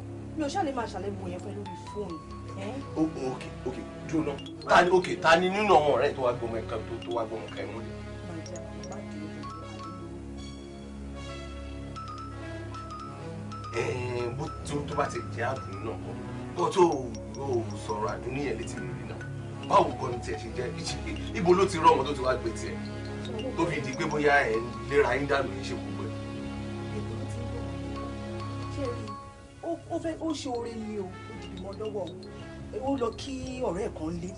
Speaker 1: mi ò ṣáà lè máa ṣàlẹ́wò yẹn pẹ̀lú mi fóònù.
Speaker 2: ok ok dúró náà ok ta ni nínú àwọn ọ̀rẹ́ tó wá gbọmọ ẹ̀ka tó tó wá gbọmọ ẹ̀ka ẹ̀ múlẹ̀. bó tó bá ti jẹ́ àdùn náà kọ́ kó tó o sọ̀rọ̀ àdùn níyẹn létí lórí náà báwo kọ́ ni tiẹ̀ ṣe jẹ́ ìṣègbè ibo ló ti rọ́ ọmọ tó ti wá gbé tiẹ̀ tó fi di pé bóyá ẹ̀ léra yín dànù yín ṣe kúkú
Speaker 3: ó
Speaker 1: fẹ́ ó ṣe oore ni o ó dìbì mọ́ lọ́wọ́ ó lọ kí ọ̀rẹ́ ẹ̀ kan lé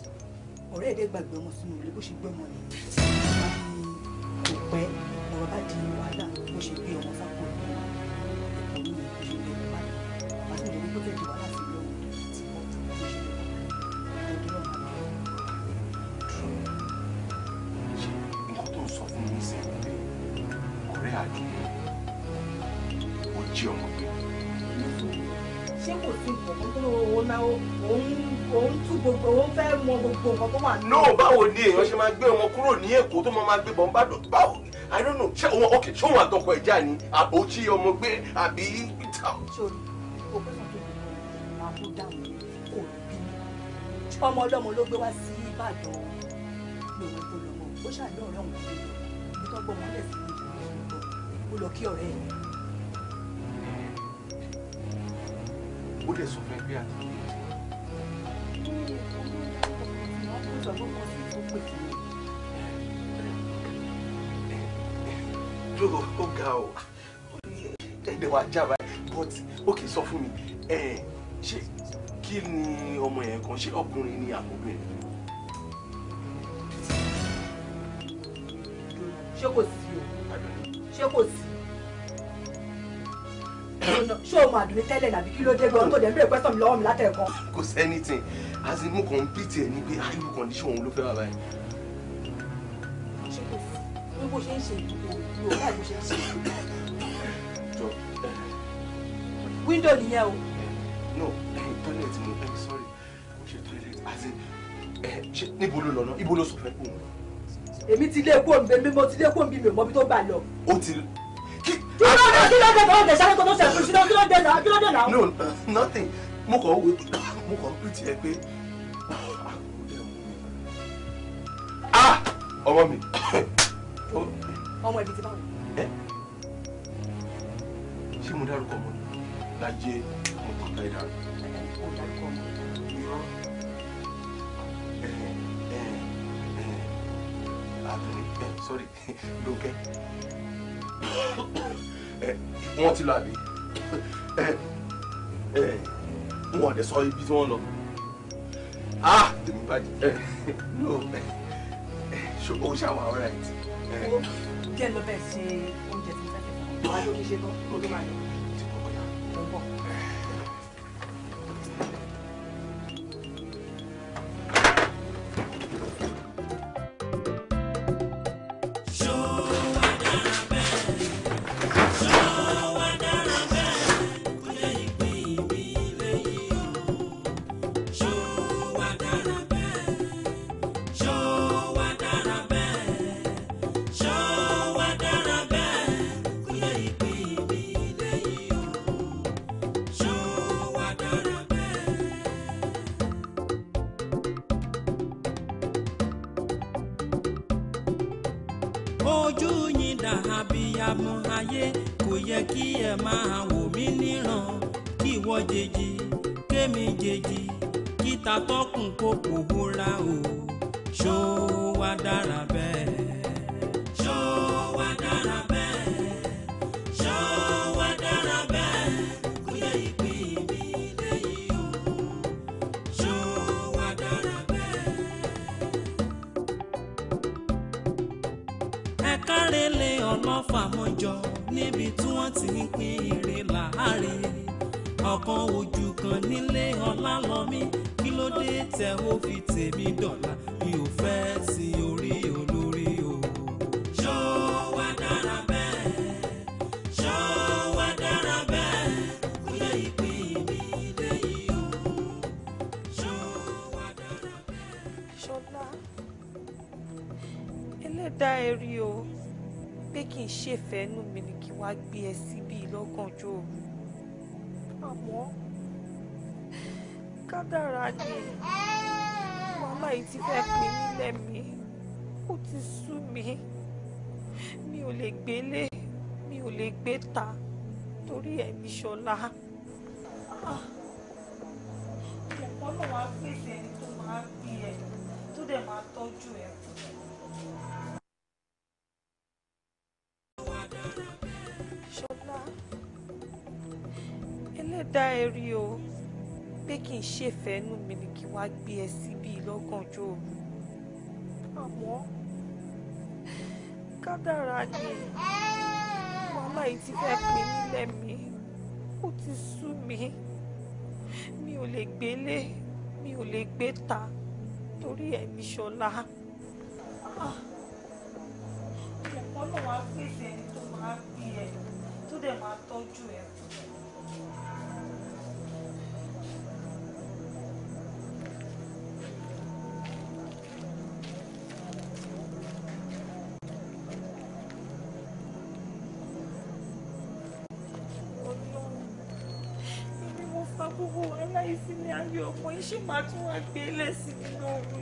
Speaker 1: ọ̀rẹ́ ẹ̀ dẹ́ gbàgbé ọmọ sínú ilé bó ṣe gbé ọmọ nìyẹn
Speaker 3: kò pẹ́ ọ̀rọ̀ bá
Speaker 1: di wàhálà bó ṣe gbé ọmọ sápò ọ̀rẹ́
Speaker 2: àdúgbò ó jí ọmọ
Speaker 1: ṣé kò sí nǹkan tó òun náà òun tú gbogbo òun fẹ́ mọ gbogbo nǹkan tó wà.
Speaker 2: no báwo ni èèyàn ṣe máa gbé ọmọ kúrò ní èkó tó máa gbé bọ̀ bá dọ̀tí báwo i don't know ṣé òun ok ṣé òun àtọkọ ẹ̀ já ni àbò tí ọmọ gbé àbí ìta.
Speaker 1: ọmọ ló gbé wá sí Ìbàdàn lòun kò lọ́mọ ó ṣàdúrà ọ̀rẹ́ òun kò lọ́mọ bí tọ́gbọ́n mọ́lẹ̀ sí ìlú
Speaker 2: ó lọ kí ọ̀rẹ́ yẹn. dẹ̀ sọ fún ẹ pé àti kìí ẹ̀. lóò ga ọ ẹgbẹ́ wa jábá but ok sọ fún mi ṣé kí ni ọmọ yẹn kan ṣé ọkùnrin ni àkọ́bí rẹ̀.
Speaker 1: ṣé kò sí o ṣé kò sí ṣé
Speaker 2: kò sí anything as in mo kàn ń bìtì ẹ̀ ní pé irú condition òun ló fẹ́ wà báyìí.
Speaker 1: ṣé kò sí bí bó ṣe ń ṣe ìdúró window nìyẹn o.
Speaker 2: no toilet mo i'm sorry mo ṣe toilet as in eh, ṣe níbo ló lọ náà ibo ló sọ fẹ́ kó o. èmi ti lé kó o mi mo ti lé kó mi mi mọ bí tó gbà lọ. ó ti kí ló dé tó dé sáré tó tó sẹ̀ fún sílẹ̀ kí ló dé náà kí ló no nothing mo kàn wò mo kàn pè tiẹ̀ pé ah ọmọ mi. ọmọ ibi ti bá wọn. ṣé mo dárúkọ ọmọ ni lajẹ mo kàn ká ìdá. mo dárúkọ ọmọ irọ́ àdùnní sọ́rí dókẹ́. Eh, wọ́n ti lọ àbí eh, eh, wọn ò dẹ̀ sọ ibi tí wọ́n lọ ah tèmi bàjẹ́ no ṣùgbọ́n ó ṣàwọn ọ̀rẹ́ ẹ̀
Speaker 1: kí ẹ lọ bẹ́ẹ̀ ṣe oúnjẹ tí mo fẹ́ fẹ́
Speaker 2: fún lórí ṣe tán lórí máa yọ.
Speaker 1: ṣèfẹ́nú mi ni kí wá gbé ẹ síbí lọ́gànjọ́ òru àmọ́ kádàrá ni wàhálà yìí ti fẹ́ pin nílẹ̀ mi ó ti sú mi mi ò lè gbélé mi ò lè gbé ta torí ẹ̀mí ṣọlá ọ̀pọ̀ náà wàá pèsè ẹni tó máa bí ẹ tó dẹ̀ máa tọ́jú ẹ. dá ẹ rí o pé kì í ṣèfẹ́nu mi ni kí wàá gbé ẹ síbí lọ́gànjọ́ òru àmọ́ kádàrá ni wàhálà yìí ti fẹ́ pín nílẹ̀ mi ó ti sú mi mi ò lè gbélé mi ò lè gbé ta torí ẹ̀mí ṣọlá ẹ̀kọ́ náà wàá pèsè ẹni tó máa bí ẹ tó dẹ̀ máa tọ́jú ẹ fún. ọkùnrin ṣì máa tún wá gbé lẹ́sìn nínú òun.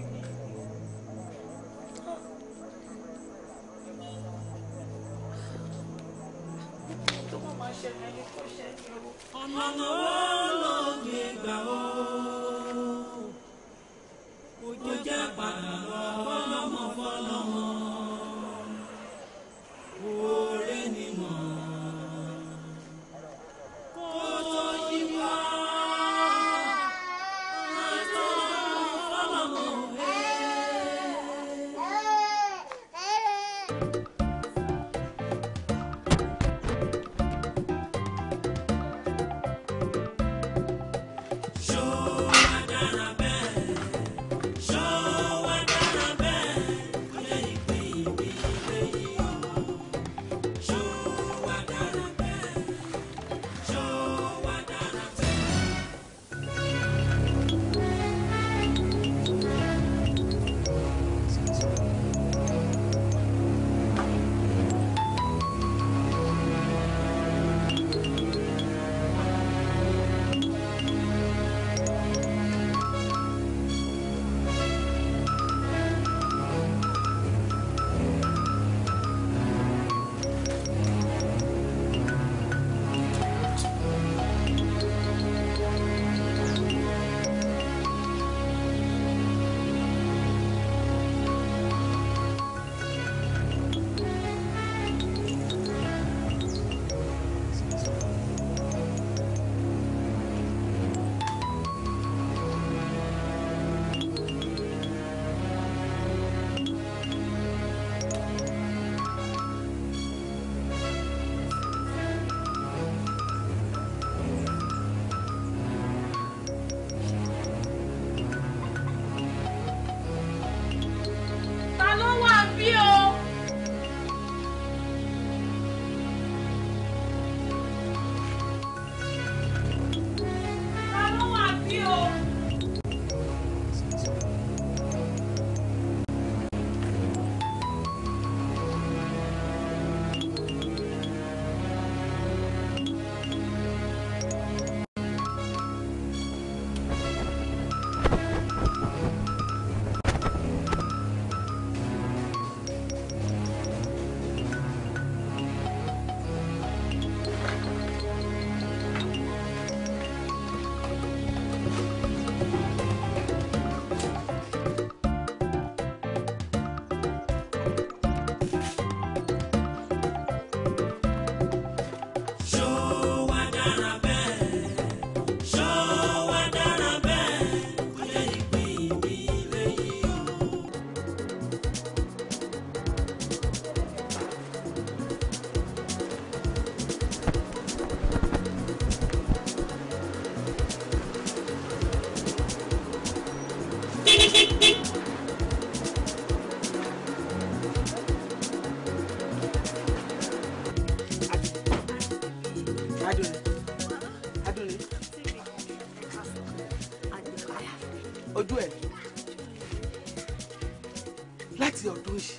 Speaker 5: láti ọdún yìí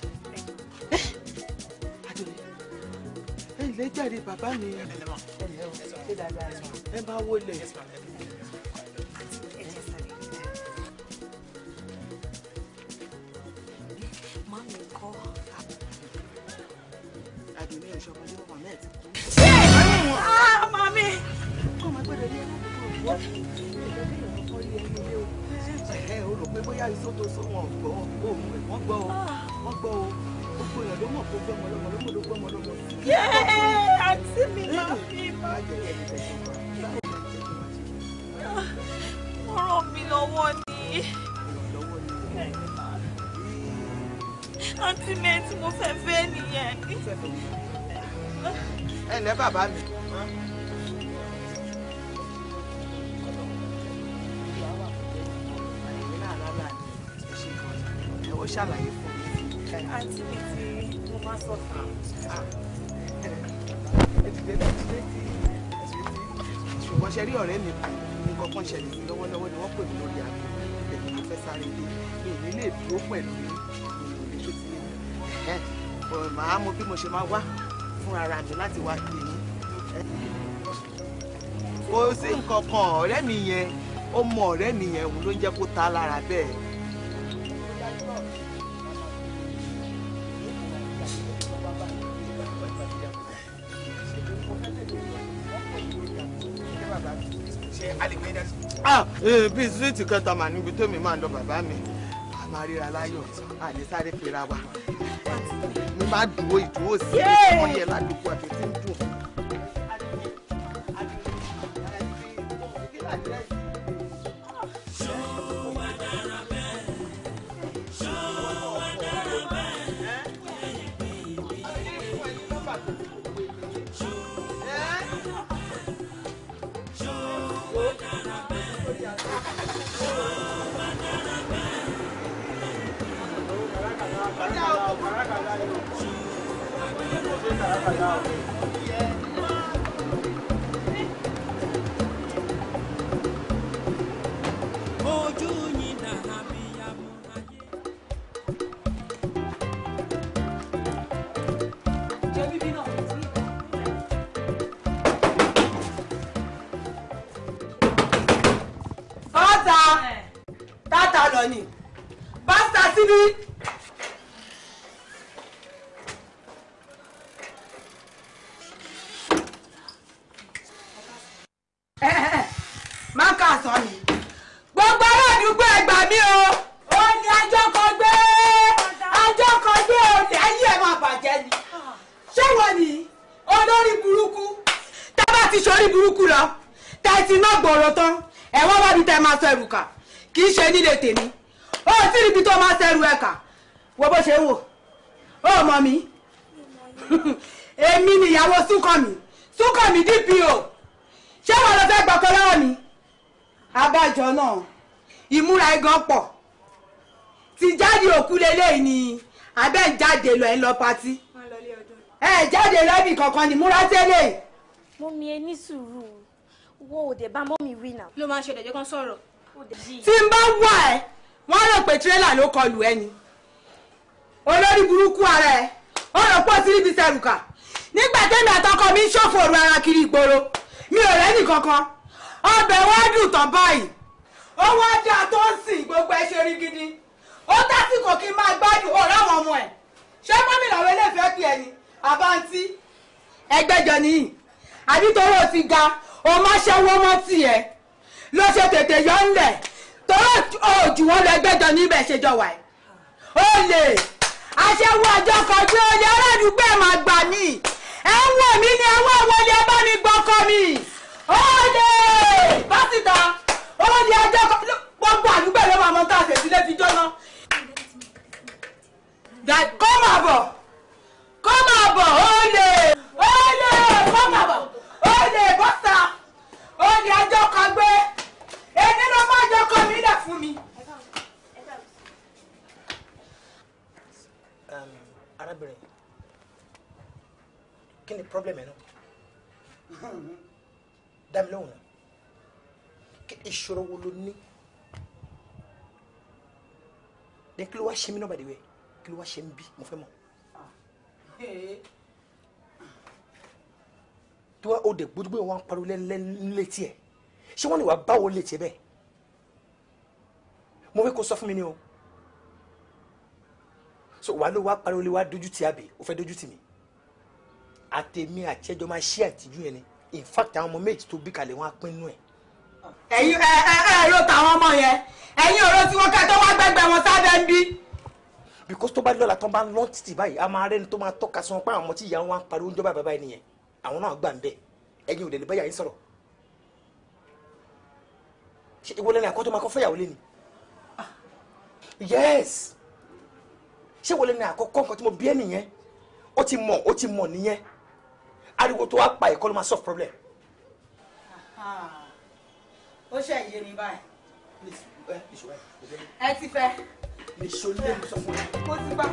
Speaker 5: eh, adúlé ẹ ǹlẹ́ jáde bàbá mi ẹ máa wọlé. adúlé
Speaker 3: ọ̀ṣọ́ ọmọdé wọn mọ̀ mẹ́ẹ̀ẹ́dì. ọmọ mi. ọmọ mi gbọ́dọ̀ ní
Speaker 1: pé bóyá iṣó tó so wọn gbọ́ ohun
Speaker 2: ẹ̀ wọ́n gbọ́ o wọ́n gbọ́ o gbogbo èèyàn ló mọ̀ kó fẹ́ mọ lọ́mọ lọ́mọ ló gbọ́ mọ lọ́mọ.
Speaker 1: yéé àǹtí mi máa fi máa wọ́n ràn mí lọ́wọ́ ni àǹtí mi tí mo fẹ́ fẹ́ nìyẹn.
Speaker 2: ẹ ǹlẹ́ bàbá mi. ṣàlàyé fún mi. àǹtí mi ti mo máa sọ fún ṣùgbọ́n ṣe rí ọ̀rẹ́ mi kù ní kankan ṣẹlẹ̀ sí lọ́wọ́lọ́wọ́ ni wọ́n pè mí lórí aago ibẹ̀ mo fẹ́ sáré dé mi lè dúró pẹ̀lú ìròyìn tó ti ẹ̀ màá mọ bí mo ṣe máa wá fún ara mi láti wá pè mí. kò sí nǹkan kan ọ̀rẹ́ mi yẹn ó mọ ọ̀rẹ́ mi yẹn ló ń jẹ́ kó ta lára bẹ́ẹ̀. Eh, bíi síríìtì kẹta mà níbi tómi máa ń lọ bàbá mi a máa ríra láyọ̀ àní sáré fira wa ní bá dúró ìdúró sí i ládùúgbò àti tí ń dùn.
Speaker 3: Thank you.
Speaker 1: jáde lọ ẹ lọ patí ẹ jáde lọ́bì kankan ni múra tẹ́lẹ̀. mo mi ẹ ní sùúrù wo òde bá mọ́ mi wí náà. ló máa ń ṣe ìdẹ̀jẹ́ kan sọ̀rọ̀. tí n bá wà ẹ wọ́n rò pé tírélà ló kọlù ẹ ni olórí burúkú ara ẹ ó rò pọ̀ sí níbi sẹ̀rùkà nígbà tẹ́mi àtọkọ mi ń ṣòfò òru ara kiri ìgboro mi ò rẹ́ni kankan ọbẹ̀ wá dùn tán báyìí ó wá dáa tó ń sìn gbogbo ẹ ṣe rí gidi ó tásìkò kí n máa gbádùn ọ̀rọ̀ àwọn ọmọ ẹ̀ ṣé mọ́mí làwọn eléfẹ́ pè ẹ̀yìn àbáǹtí ẹgbẹ́jọ nìyí àbí torí o ti ga o máa ṣẹ́wó mọ́ tiẹ̀ ló ṣe tètè yọ ńlẹ̀ torí òjù wọn lọ ẹgbẹ́jọ níbẹ̀ ṣèjọ wà ẹ̀ ó lè aṣẹ́wó ọjọ́ kọjú olè aládùúgbò ẹ̀ máa gbà mí ẹ̀ ń wò mí ni ẹ̀ wọ́n wọlé ẹ bá mi gbọ́kọ mi ó lè pásítà ó lè ọjọ́ gbogbo àdúgbò ló máa mọ tá a fèsì lé fi jóná. That come bọ̀ come máa bọ̀ ó lè ó lè kó máa bọ̀ ó lè bọ́sà ó lè ajọ́ kan gbé
Speaker 3: ẹni ló má jọ kọ́ mi lẹ̀ fún mi.
Speaker 5: Um, arábìnrin kí ni problem eno. náà dá mi lóhùn náà kí ìṣòro wo ló ní ní kí ló wá ṣe mí náà by the way kí ló wá ṣe ń bí mo fẹ́ mọ̀. tí wọ́n ó dẹ̀ gbójúgbó wọn pariwo létí ẹ̀ ṣé wọ́n lè wá báwo létí ẹ bẹ́ẹ̀ mo fẹ́ kó sọ fún mi ni o so wàá ló wá pariwo lé wá dójú tì àbí o fẹ́ dójú tì mí àtẹ̀mí àtẹ̀jọ́ máa ṣí àtìjú yẹn ni in fact àwọn ọmọ méjì tó bí kalẹ̀ wọn á pín inú ẹ̀. ẹ̀yin ẹ
Speaker 1: ẹ ẹ ro tàwọn ọmọ yẹn
Speaker 5: ẹ̀yin ọ̀rọ̀ tí wọ́n ká tó wá gbẹgbẹ wọn sábẹ́ ń bí because tó bá lọ́la tó bá ń lọ́n títì báyìí a máa rẹ́ni tó máa tọ́ka sọ pé àwọn ọmọ tí ìyá wọn ń pariwo ń jọba bàbá nìyẹn àwọn náà gbà ń bẹ ẹ̀yin ò lè lè bá yà yín sọ̀rọ̀ ṣe ìwọlẹ́ ní àkọ́tọ́ máa kọ́ fẹ́yàwó lé ni yes ṣé ìwọlẹ́ ní àkọ́kọ́ nǹkan tí mo bí ẹ nìyẹn ó ti mọ̀ ó ti mọ̀ nìyẹn ariwo tó wá pa ẹ̀kọ́ ló máa solve problem.
Speaker 1: ó ṣe ìyé mi báyìí ẹ ti fẹ́.
Speaker 5: nìṣó lé mi sọ fún
Speaker 1: mi. mo ti gbà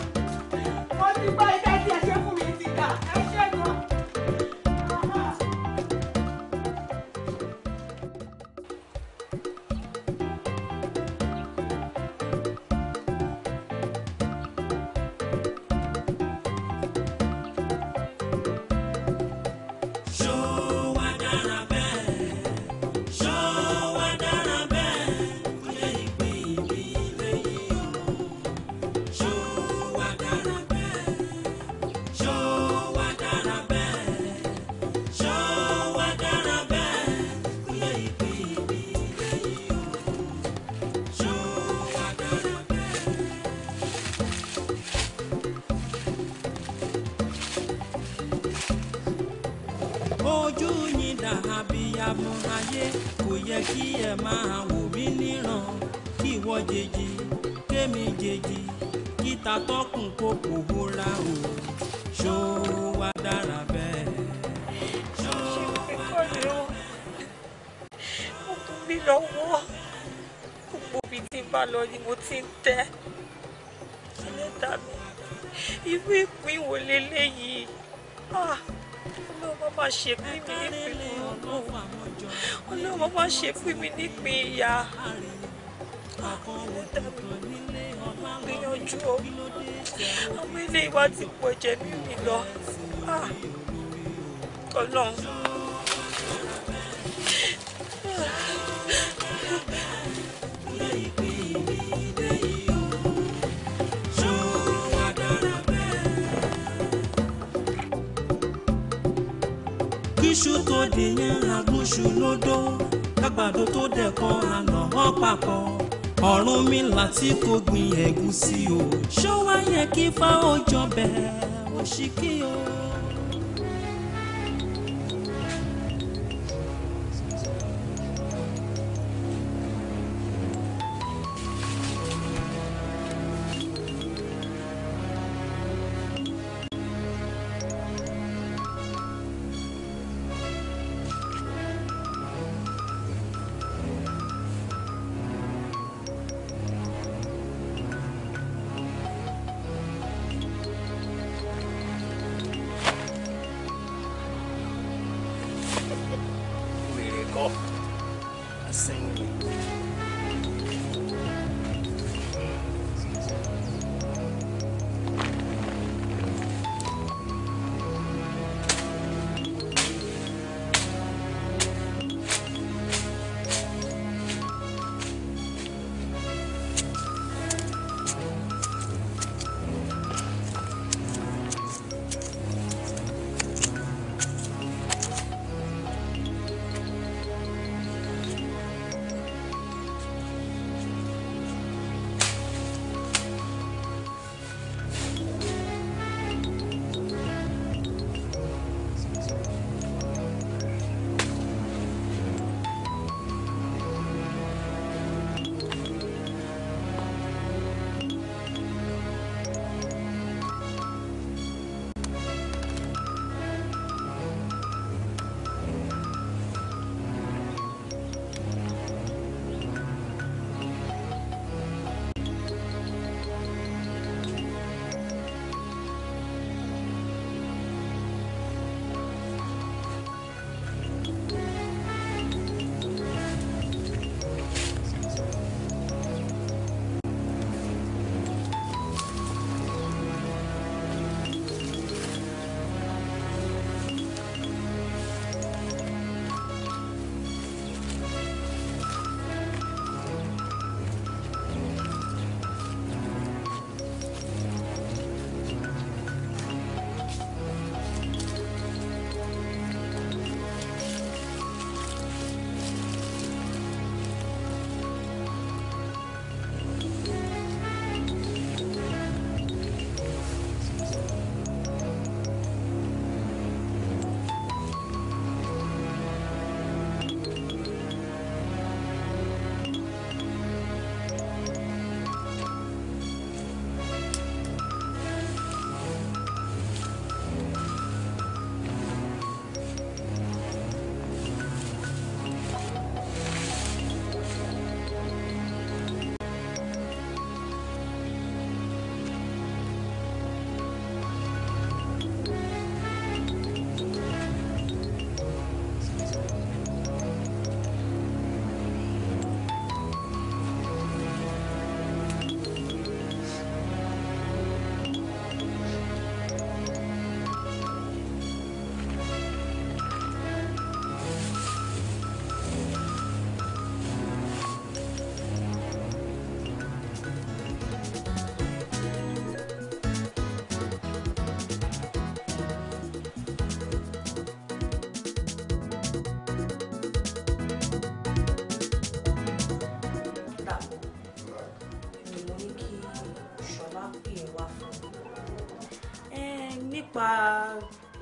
Speaker 1: mo ti gbà iṣẹ́ tí ẹ ṣe fún mi ti kà ẹ ṣe. ojú yín dà abiyamọ ayé kò yẹ kí ẹ máa wò mí níran kí ìwọ jèjì kémi jèjì kíta tọkùn kò kò hóra o ṣó wá dára bẹ́ẹ̀. ṣó wá dára bẹ́ẹ̀. mo tún bí lọ́wọ́ gbogbo ibi tí bá lọ ni mo ti ń tẹ́ ẹlẹ́dàá mi irú ìpín wo leléyìí. Ah ọlọ́run má ṣe pín mi nípìn ọdún ọlọ́run má ṣe pín mi nípìn ìyá gbìyànjú o àwọn ilé ìwà ti pọ̀ jẹ́ mímì lọ ah,
Speaker 3: ọlọ́run. lóde yẹn agúnṣu lódó kágbàdo tó dẹ̀kọ́
Speaker 1: àná hàn papọ̀ ọ̀run mi láti kó gbin ẹ̀gúsí o ṣó wá yẹ kí fáwọn jọbẹ̀ òṣìkí o.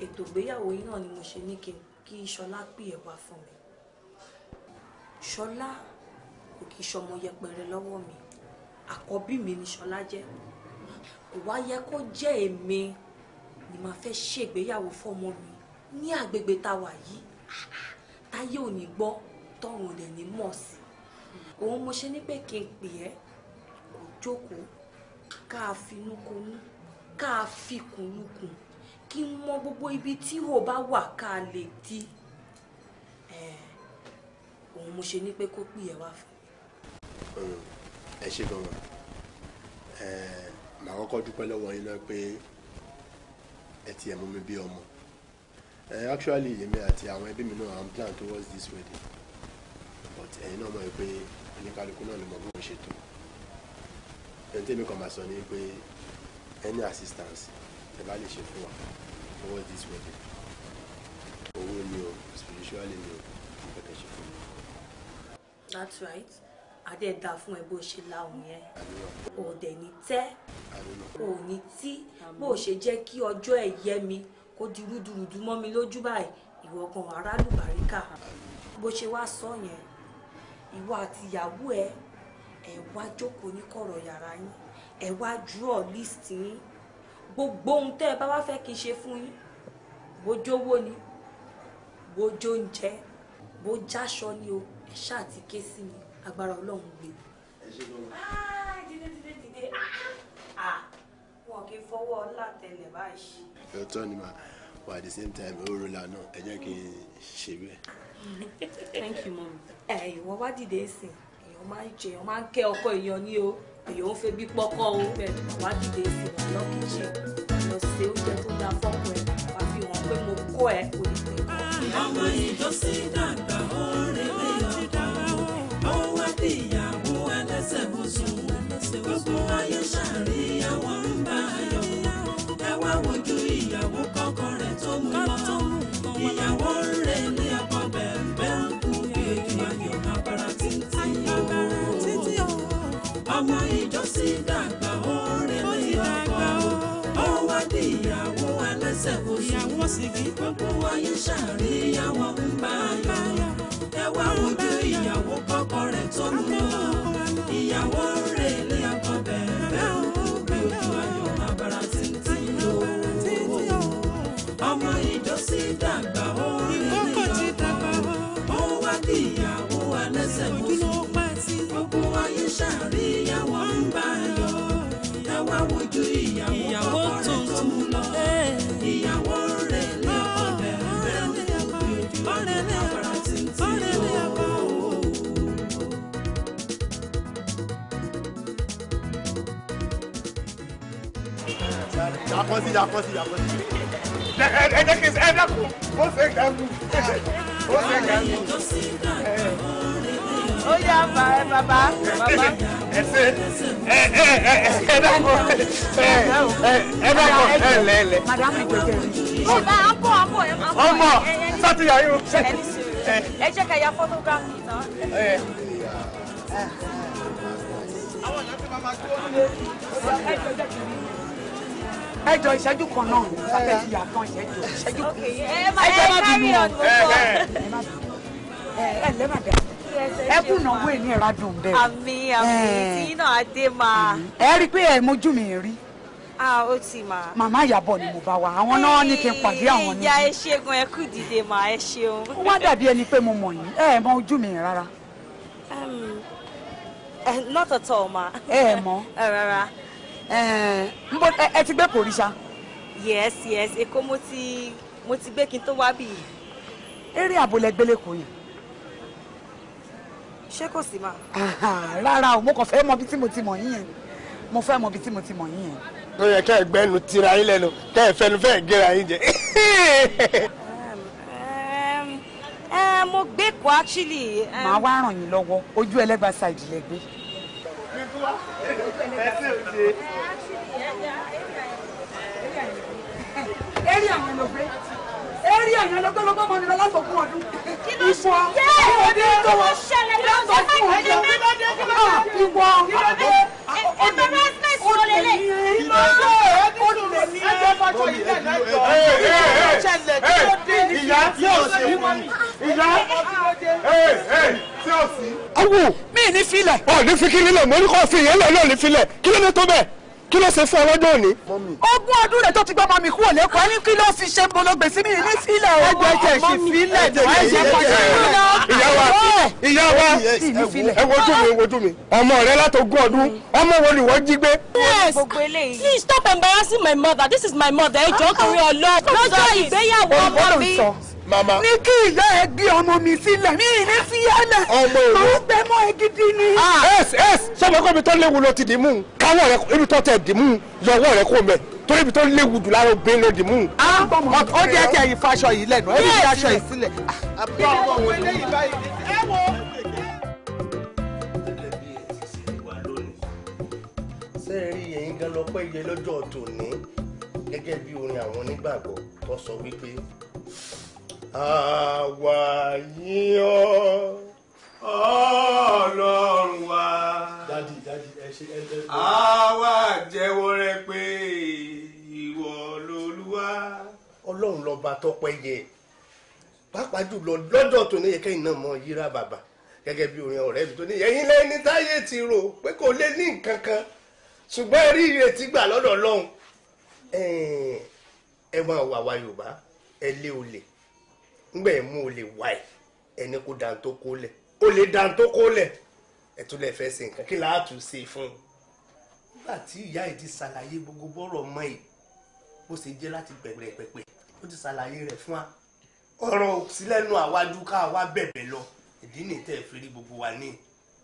Speaker 1: ètò ìgbéyàwó yìí náà ni mo ṣe ní kí kí ṣọlá pè ẹ́ wá fún mi ṣọlá kò kì í ṣọmọ yẹpẹrẹ lọ́wọ́ mi àkọ́bí mi ni ṣọlá jẹ́ kò wá yẹ kó jẹ́ èmi ni màá fẹ́ ṣègbéyàwó fọ́mọ mi ní àgbègbè tá a wà yìí táyé ò ní gbọ́ tọ̀run dẹ̀ ní mọ̀ sí òun mo ṣe ní pé kí n pè ẹ́ kó jókòó ká a finú konú ká a fikùn lukùn kí n mọ gbogbo ibi tí hò bá wà ká lè di òun mo ṣe ní pé kó pì wá
Speaker 2: fún ẹ ṣe gan màá kọ́kọ́ dúpẹ́ lọ́wọ́ yín náà pé ẹ ti ẹ̀ mi bí ọmọ actually èmi àti àwọn ẹbí mi náà am plan towards this wedding but ẹ̀yin náà mọ̀ pé oníkálukú náà ló mọ bí wọ́n ṣe tó ẹni tí èmi kàn máa sọ ni pé any assistance tẹ́ bá lè ṣe fún wa towards this wedding owó ni o spiritually ni o nǹkan tẹ́ ṣe fún mi.
Speaker 1: that's right adé da fún ẹ bó ṣe láwùn yẹn ò dẹ̀ ní tẹ́ ò ní tí bó ṣe jẹ́ kí ọjọ́ ẹ̀ yẹ mi kó di rúdurùdu mọ́ mi lójú báyìí ìwọ kan aráàlú bàríkà bó ṣe wá sọ yẹn ìwọ àti ìyàwó ẹ ẹ wá jókòó ní kọ̀rọ̀ yàrá yín ẹ wá draw list yín gbogbo ohun tẹ́ ẹ bá wá fẹ́ kí n ṣe fún yín bójówó ni bójó ń jẹ bójáṣọ ni o ẹ ṣáà ti ké sí mi agbára ọlọ́run gbé. ẹ tọ́ ah, ah,
Speaker 2: ah, ni màá but at the same time ó rola náà ẹ jẹ́ kí n ṣe bẹ́ẹ̀.
Speaker 1: thank you mom. ẹ eh, ìwọ wá dìde sí i èèyàn máa ń jẹ èèyàn máa ń kẹ́ ọkọ èèyàn ní o èèyàn ń febi pọ́kọ́ o bẹ́ẹ̀ wá dìde sí i lọ kí ṣe
Speaker 3: lọ ṣe oúnjẹ tó dáa fọ́kùn ẹ̀ wá fi hàn pé mo
Speaker 1: kó ẹ̀ kò ní pẹ́
Speaker 3: kọ́. àwọn ìjọsìn dàgbà. dàgbà ó relé ọkọ ó wá di ìyàwó alẹ́sẹ̀ kò ìyàwó sìgì gbogbo ayé ṣàríyàwó ń bá yọ ẹ wá wojú ìyàwó kọ́kọ́ rẹ̀ tó lù lọ ìyàwó rẹ̀.
Speaker 2: sí ìyá kọ́ sí ìyá kọ́ sí. ẹ jẹ́ kí ẹ dákun ó ṣe é
Speaker 3: kẹ́kù ó ṣe é kẹ́kù. ó yá bàbá bàbá. ẹ ṣe ẹ ẹ ẹ ẹ dákun ẹ ẹ dákun ẹ lẹ lẹ. màdàmù ìgbẹ́jẹ̀ rí. ó bá
Speaker 1: a bọ̀ a bọ̀ ẹ máa bọ̀ ẹ ọmọ sátìyà yóò. ẹ jẹ́ ká ya fọ́tógráfì náà. àwọn ìyá tó máa ma tó nílé. ẹ jọ jẹ́ kìíní ẹ jọ kan náà sábẹ́ ti yà tán ìṣẹ́jú kan ẹ má bínú ẹ lẹ́ màdà ẹ kù náwó èmi ẹ̀rá dùn bẹ́ẹ̀. àmì àmì tí iná adé máa. ẹ rí i pé ẹ mójú mi rí. Ah, ó ti mà. Màmá Ìyábọ̀ ni mo bá wa, àwọn náà ní kí n pàdé àwọn níbi. Ìyá ẹ ṣẹ́gun ẹ kú dìde mà ẹ ṣeun. Ó wá dàbí ẹni pé mo mọ̀ yín, ẹ ẹ̀ mọ ojú mi rárá. Um, eh, Lọ́tọ̀ọ̀tọ̀ ọ̀ma. Ẹ ẹ̀ mọ. Rárá ẹ eh, eh,
Speaker 5: eh, ti gbé kòríṣà. Ah?
Speaker 1: yes yes èkó mo ti mo ti gbé kí n tó wá bì í.
Speaker 5: eré àbólẹ̀ gbélé kò yàn.
Speaker 1: ṣé kò sí ma. rárá o mo kàn fẹ́ mọ bí tí mo ti mọ̀ yín yẹn mo fẹ́ mọ bí tí mo ti mọ̀ yín yẹn.
Speaker 2: ó yẹ ká ẹgbẹ́nu tira yín lẹ́nu ká ẹ fẹnu fẹ́ gẹ́ra yín jẹ.
Speaker 1: mo gbé kó actually. màá wá ràn yín lọ́wọ́ ojú ẹlẹ́gbàá ṣáìdì lẹ́gbẹ́. Area yẹn ló gbé. Area yẹn ló gbé ló gbọ́mọ nílò látọ̀kùn ọdún. Ìfọ̀ ọmọdé tó wọ́n látọ̀kùn ọdún. Ìfọ̀ ọmọdé kúrò lélẹ̀. ìlú ilé
Speaker 3: ẹ̀
Speaker 5: kúrò lè ní ẹgbẹ́ fọ́jọ́ ilé lẹ́jọ́. ìyá tí ò sí ìyá tí ò sí. mi
Speaker 2: ní filẹ̀. ọ ní fi kí nílẹ̀ mo ní kó fi yẹn lọ lọ ní filẹ̀ kí ló dé tó bẹ́ẹ̀ kí ló ṣe fún ọlọ́jọ́ òní. ogún ọdún rẹ̀ tó ti gbọ́mọ mi kúrò lẹ́kọ̀ọ́ ẹni kí ló fi ṣe ń bolo gbèsè mi ní sílẹ̀ o. ẹgbẹ́ ẹ̀jẹ̀ ṣì
Speaker 1: fílẹ̀ dùn ẹ̀jẹ̀ pàṣẹ ìlú. ìyá wa ìyá wa ẹ wojú mi
Speaker 2: wojú mi ọmọ rẹ látọgún ọdún ọmọ wo ni wọ́n jí gbé.
Speaker 1: yes please stop embarrassing my mother this is my mother ẹ jọ̀ọ́ torí Ọlọ́run lọ́jọ́ ìgbéyàwó ọmọ mi mama. ní kí ìyá ẹ gbé ọmọ mi sílẹ̀ mi ì ní sí yálẹ̀. ọmọ èrò mo ń bẹ mọ́ ẹ gidi
Speaker 2: ni. ẹs ẹs sọmọ kọ́ mi tó léwu ló ti dì mú un káwọ́ rẹ ibi tó tẹ dì mú un yọwọ́ rẹ kó mẹ torí ibi tó léwu dùn lára obìnrin ló dì mú ah. ah, un. ó jẹ́ ẹ̀jẹ̀ yìí faṣọ yìí lẹ́nu ẹ̀bí yìí aṣọ yìí sílẹ̀. sẹ́ẹ̀rì ah, yẹ̀yìn gan lọ́pẹ́ yẹ lọ́jọ́ tòní gẹ́gẹ́ bí orin àwọn onígbàgbọ́ tó sọ wípé àwa yìn ọ́ ọlọ́run wa. dadi dadi ẹ ṣe ẹ jẹ. àwa jẹ́wọ́ rẹ pé ìwọ lolúwa. ọlọ́run lọ́ba tọpẹ́ yẹ pàápàá jùlọ lọ́dọ̀ tó ní yẹ kẹ́yìn náà mọ yíra bàbà gẹ́gẹ́ bí orin ọ̀rẹ́ mi tó ní ẹ̀yin lẹ́ni táyé ti rò pé kò lè ní nǹkan kan ṣùgbọ́n ẹ ìrètí gbà lọ́dọ̀ ọlọ́run ẹ máa wà yorùbá ẹ lé olè ngbẹ mú o lè wá ẹ ẹni kó dantó kó lẹ o lè dantó kó lẹ ẹ tún lè fẹ́ ṣe nǹkan kí la tún ṣe fún un. nígbà tí ìyá ìdí ṣàlàyé gbogbo bọ́rọ̀ mọ́ ẹ bó ṣe jẹ́ láti bẹ̀rẹ̀ pẹ̀pẹ̀ ó ti ṣàlàyé rẹ̀ fún wa ọ̀rọ̀ sílẹ̀nu àwájú ká wá bẹ̀bẹ̀ lọ ìdí nìyí tẹ́ ẹ fi rí gbogbo wa ní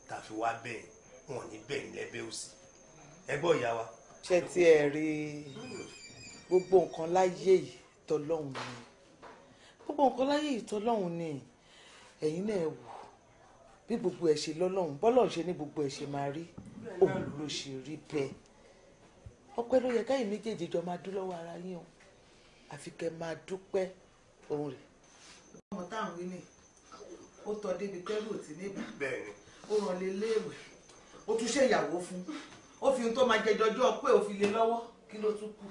Speaker 2: tàfi wá bẹ́ẹ̀ wọn ní bẹ́ẹ̀ lẹ́bẹ̀ òsì ẹgbọ́n ìyá wa. ṣé tí ẹ rí gbogbo nǹkan láyé yìí tọlọ́hun ni gbogbo nǹkan láyé ìtọ́lọ́hún ni ẹ̀yin náà wò bí gbogbo ẹ̀ ṣe lọ́lọ́hún bọ́lọ́hún ṣe ní gbogbo ẹ̀ ṣe máa rí òun ló ṣe rí bẹ́ẹ̀ ọpẹ́ ló yẹ káyìn méjèèjì jọ máa dúró lọ́wọ́ ara yín o àfi kẹ́ máa dúpẹ́ òun rẹ̀. ọmọ táwọn wí ni ó tọ́ débi tẹ́lú òtí níbà ó ràn lé léèwé ó tún ṣèyàwó fún ó fi ohun tó máa jẹjọjọ́ pé ó fi lọ́wọ́ kí ló tún kù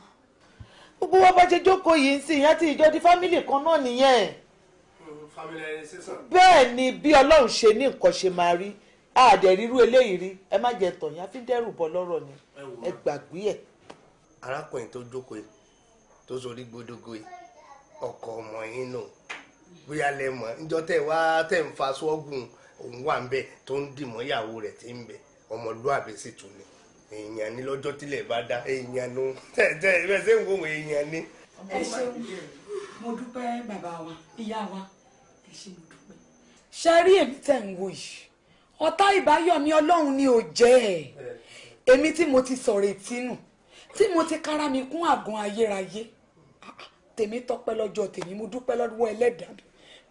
Speaker 2: gbogbo wa bá ṣe jókòó yìí ń sìn yẹn ti ìjọ di fámìlì kan náà nìyẹn hmm, bẹ́ẹ̀ ni bí ọlọ́run ṣe ní nǹkan ṣe máa rí àdẹ̀rírú eléyìí rí ẹ má jẹ tàn yín á fi dẹ́rù bọ́ lọ́rọ̀ ni ẹ gbàgbé ẹ̀. arákùnrin tó jókòó yìí tó sorí gbódógó yìí ọkọ ọmọ yín nù bóyá lẹ mọ̀ níjọ́ tẹ wá tẹ ń fa sọgùn òun wà ń bẹ tó ń dìmọ́ ìyàwó rẹ̀ tí ń bẹ ọmọlúwàbí sì tún ni èèyàn ni lọ́jọ́ tílẹ̀ bá dá èèyàn nu tẹ́tẹ́ ibẹ̀ ṣé ń wo èèyàn ni. ẹ ṣeun
Speaker 1: mo dúpẹ́ bàbá wa ìyá wa ẹ ṣe mo dúpẹ́. ṣe rí èmi tẹ̀ ń wo yìí ọ̀tá ìbáyọ̀mí ọlọ́run ni ò jẹ́ ẹ̀ èmi tí mo ti sọ̀rọ̀ ìtinú tí mo ti kára mi kún àgàn ayérayé tèmi tọpẹ́ lọ́jọ́ tèmi mo dúpẹ́ lọ́wọ́ ẹlẹ́dàá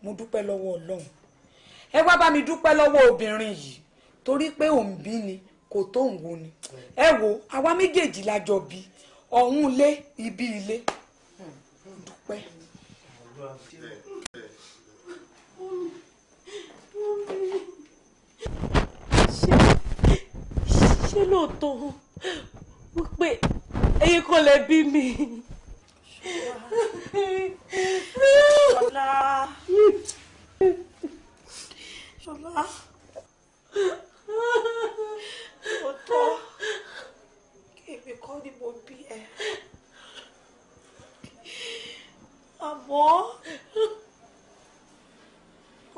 Speaker 1: mo dúpẹ́ lọ́wọ́ ọlọ́run ẹ wá bá mi dúpẹ́ lọ́wọ́ obìnrin yìí torí pé òǹbí ni kò tó nǹkan ni ẹ wo àwa méjèèjì la jọ bí ọ̀hún lé ibi ilé dúpẹ́. ṣé lóòótọ́ wípé ẹ̀yin kò lè bí mi.
Speaker 3: Ṣọlá Ṣọlá.
Speaker 1: àmọ́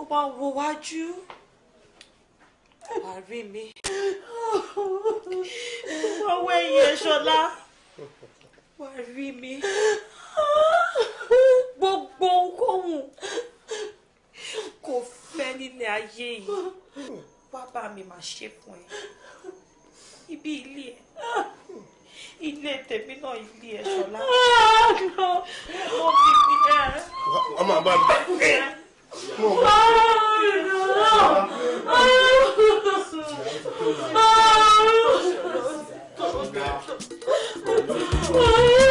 Speaker 1: ó máa wo wájú àrí mi ó wọ ẹ̀yìn ẹ̀ṣọ́lá wà rí mi gbogbo ohunkóhun kò fẹ́ nílé ayé yìí wá bá mi máa ṣe fún ẹ ibi ilé ẹ ilé no! náà ilé
Speaker 3: ẹ ah, no! mo fi fi ẹ. ọmọ àbá mi ah, ẹ. Oh,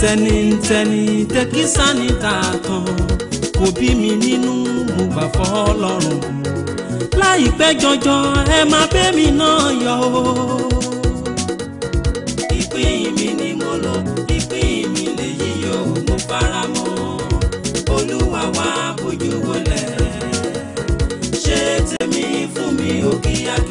Speaker 1: tẹnitẹni tẹkí sanita kan kò bí mi nínú mo gbà fọ́ lọ́rùn láìpẹ́
Speaker 3: jọjọ ẹ máa bẹ́ mi náà yọ o. ìpín mi ni mo lò ìpín mi lè yíyọ mo fara mọ́ olúwa wá bójú wọlé ṣé tèmi fún mi ó kíákí.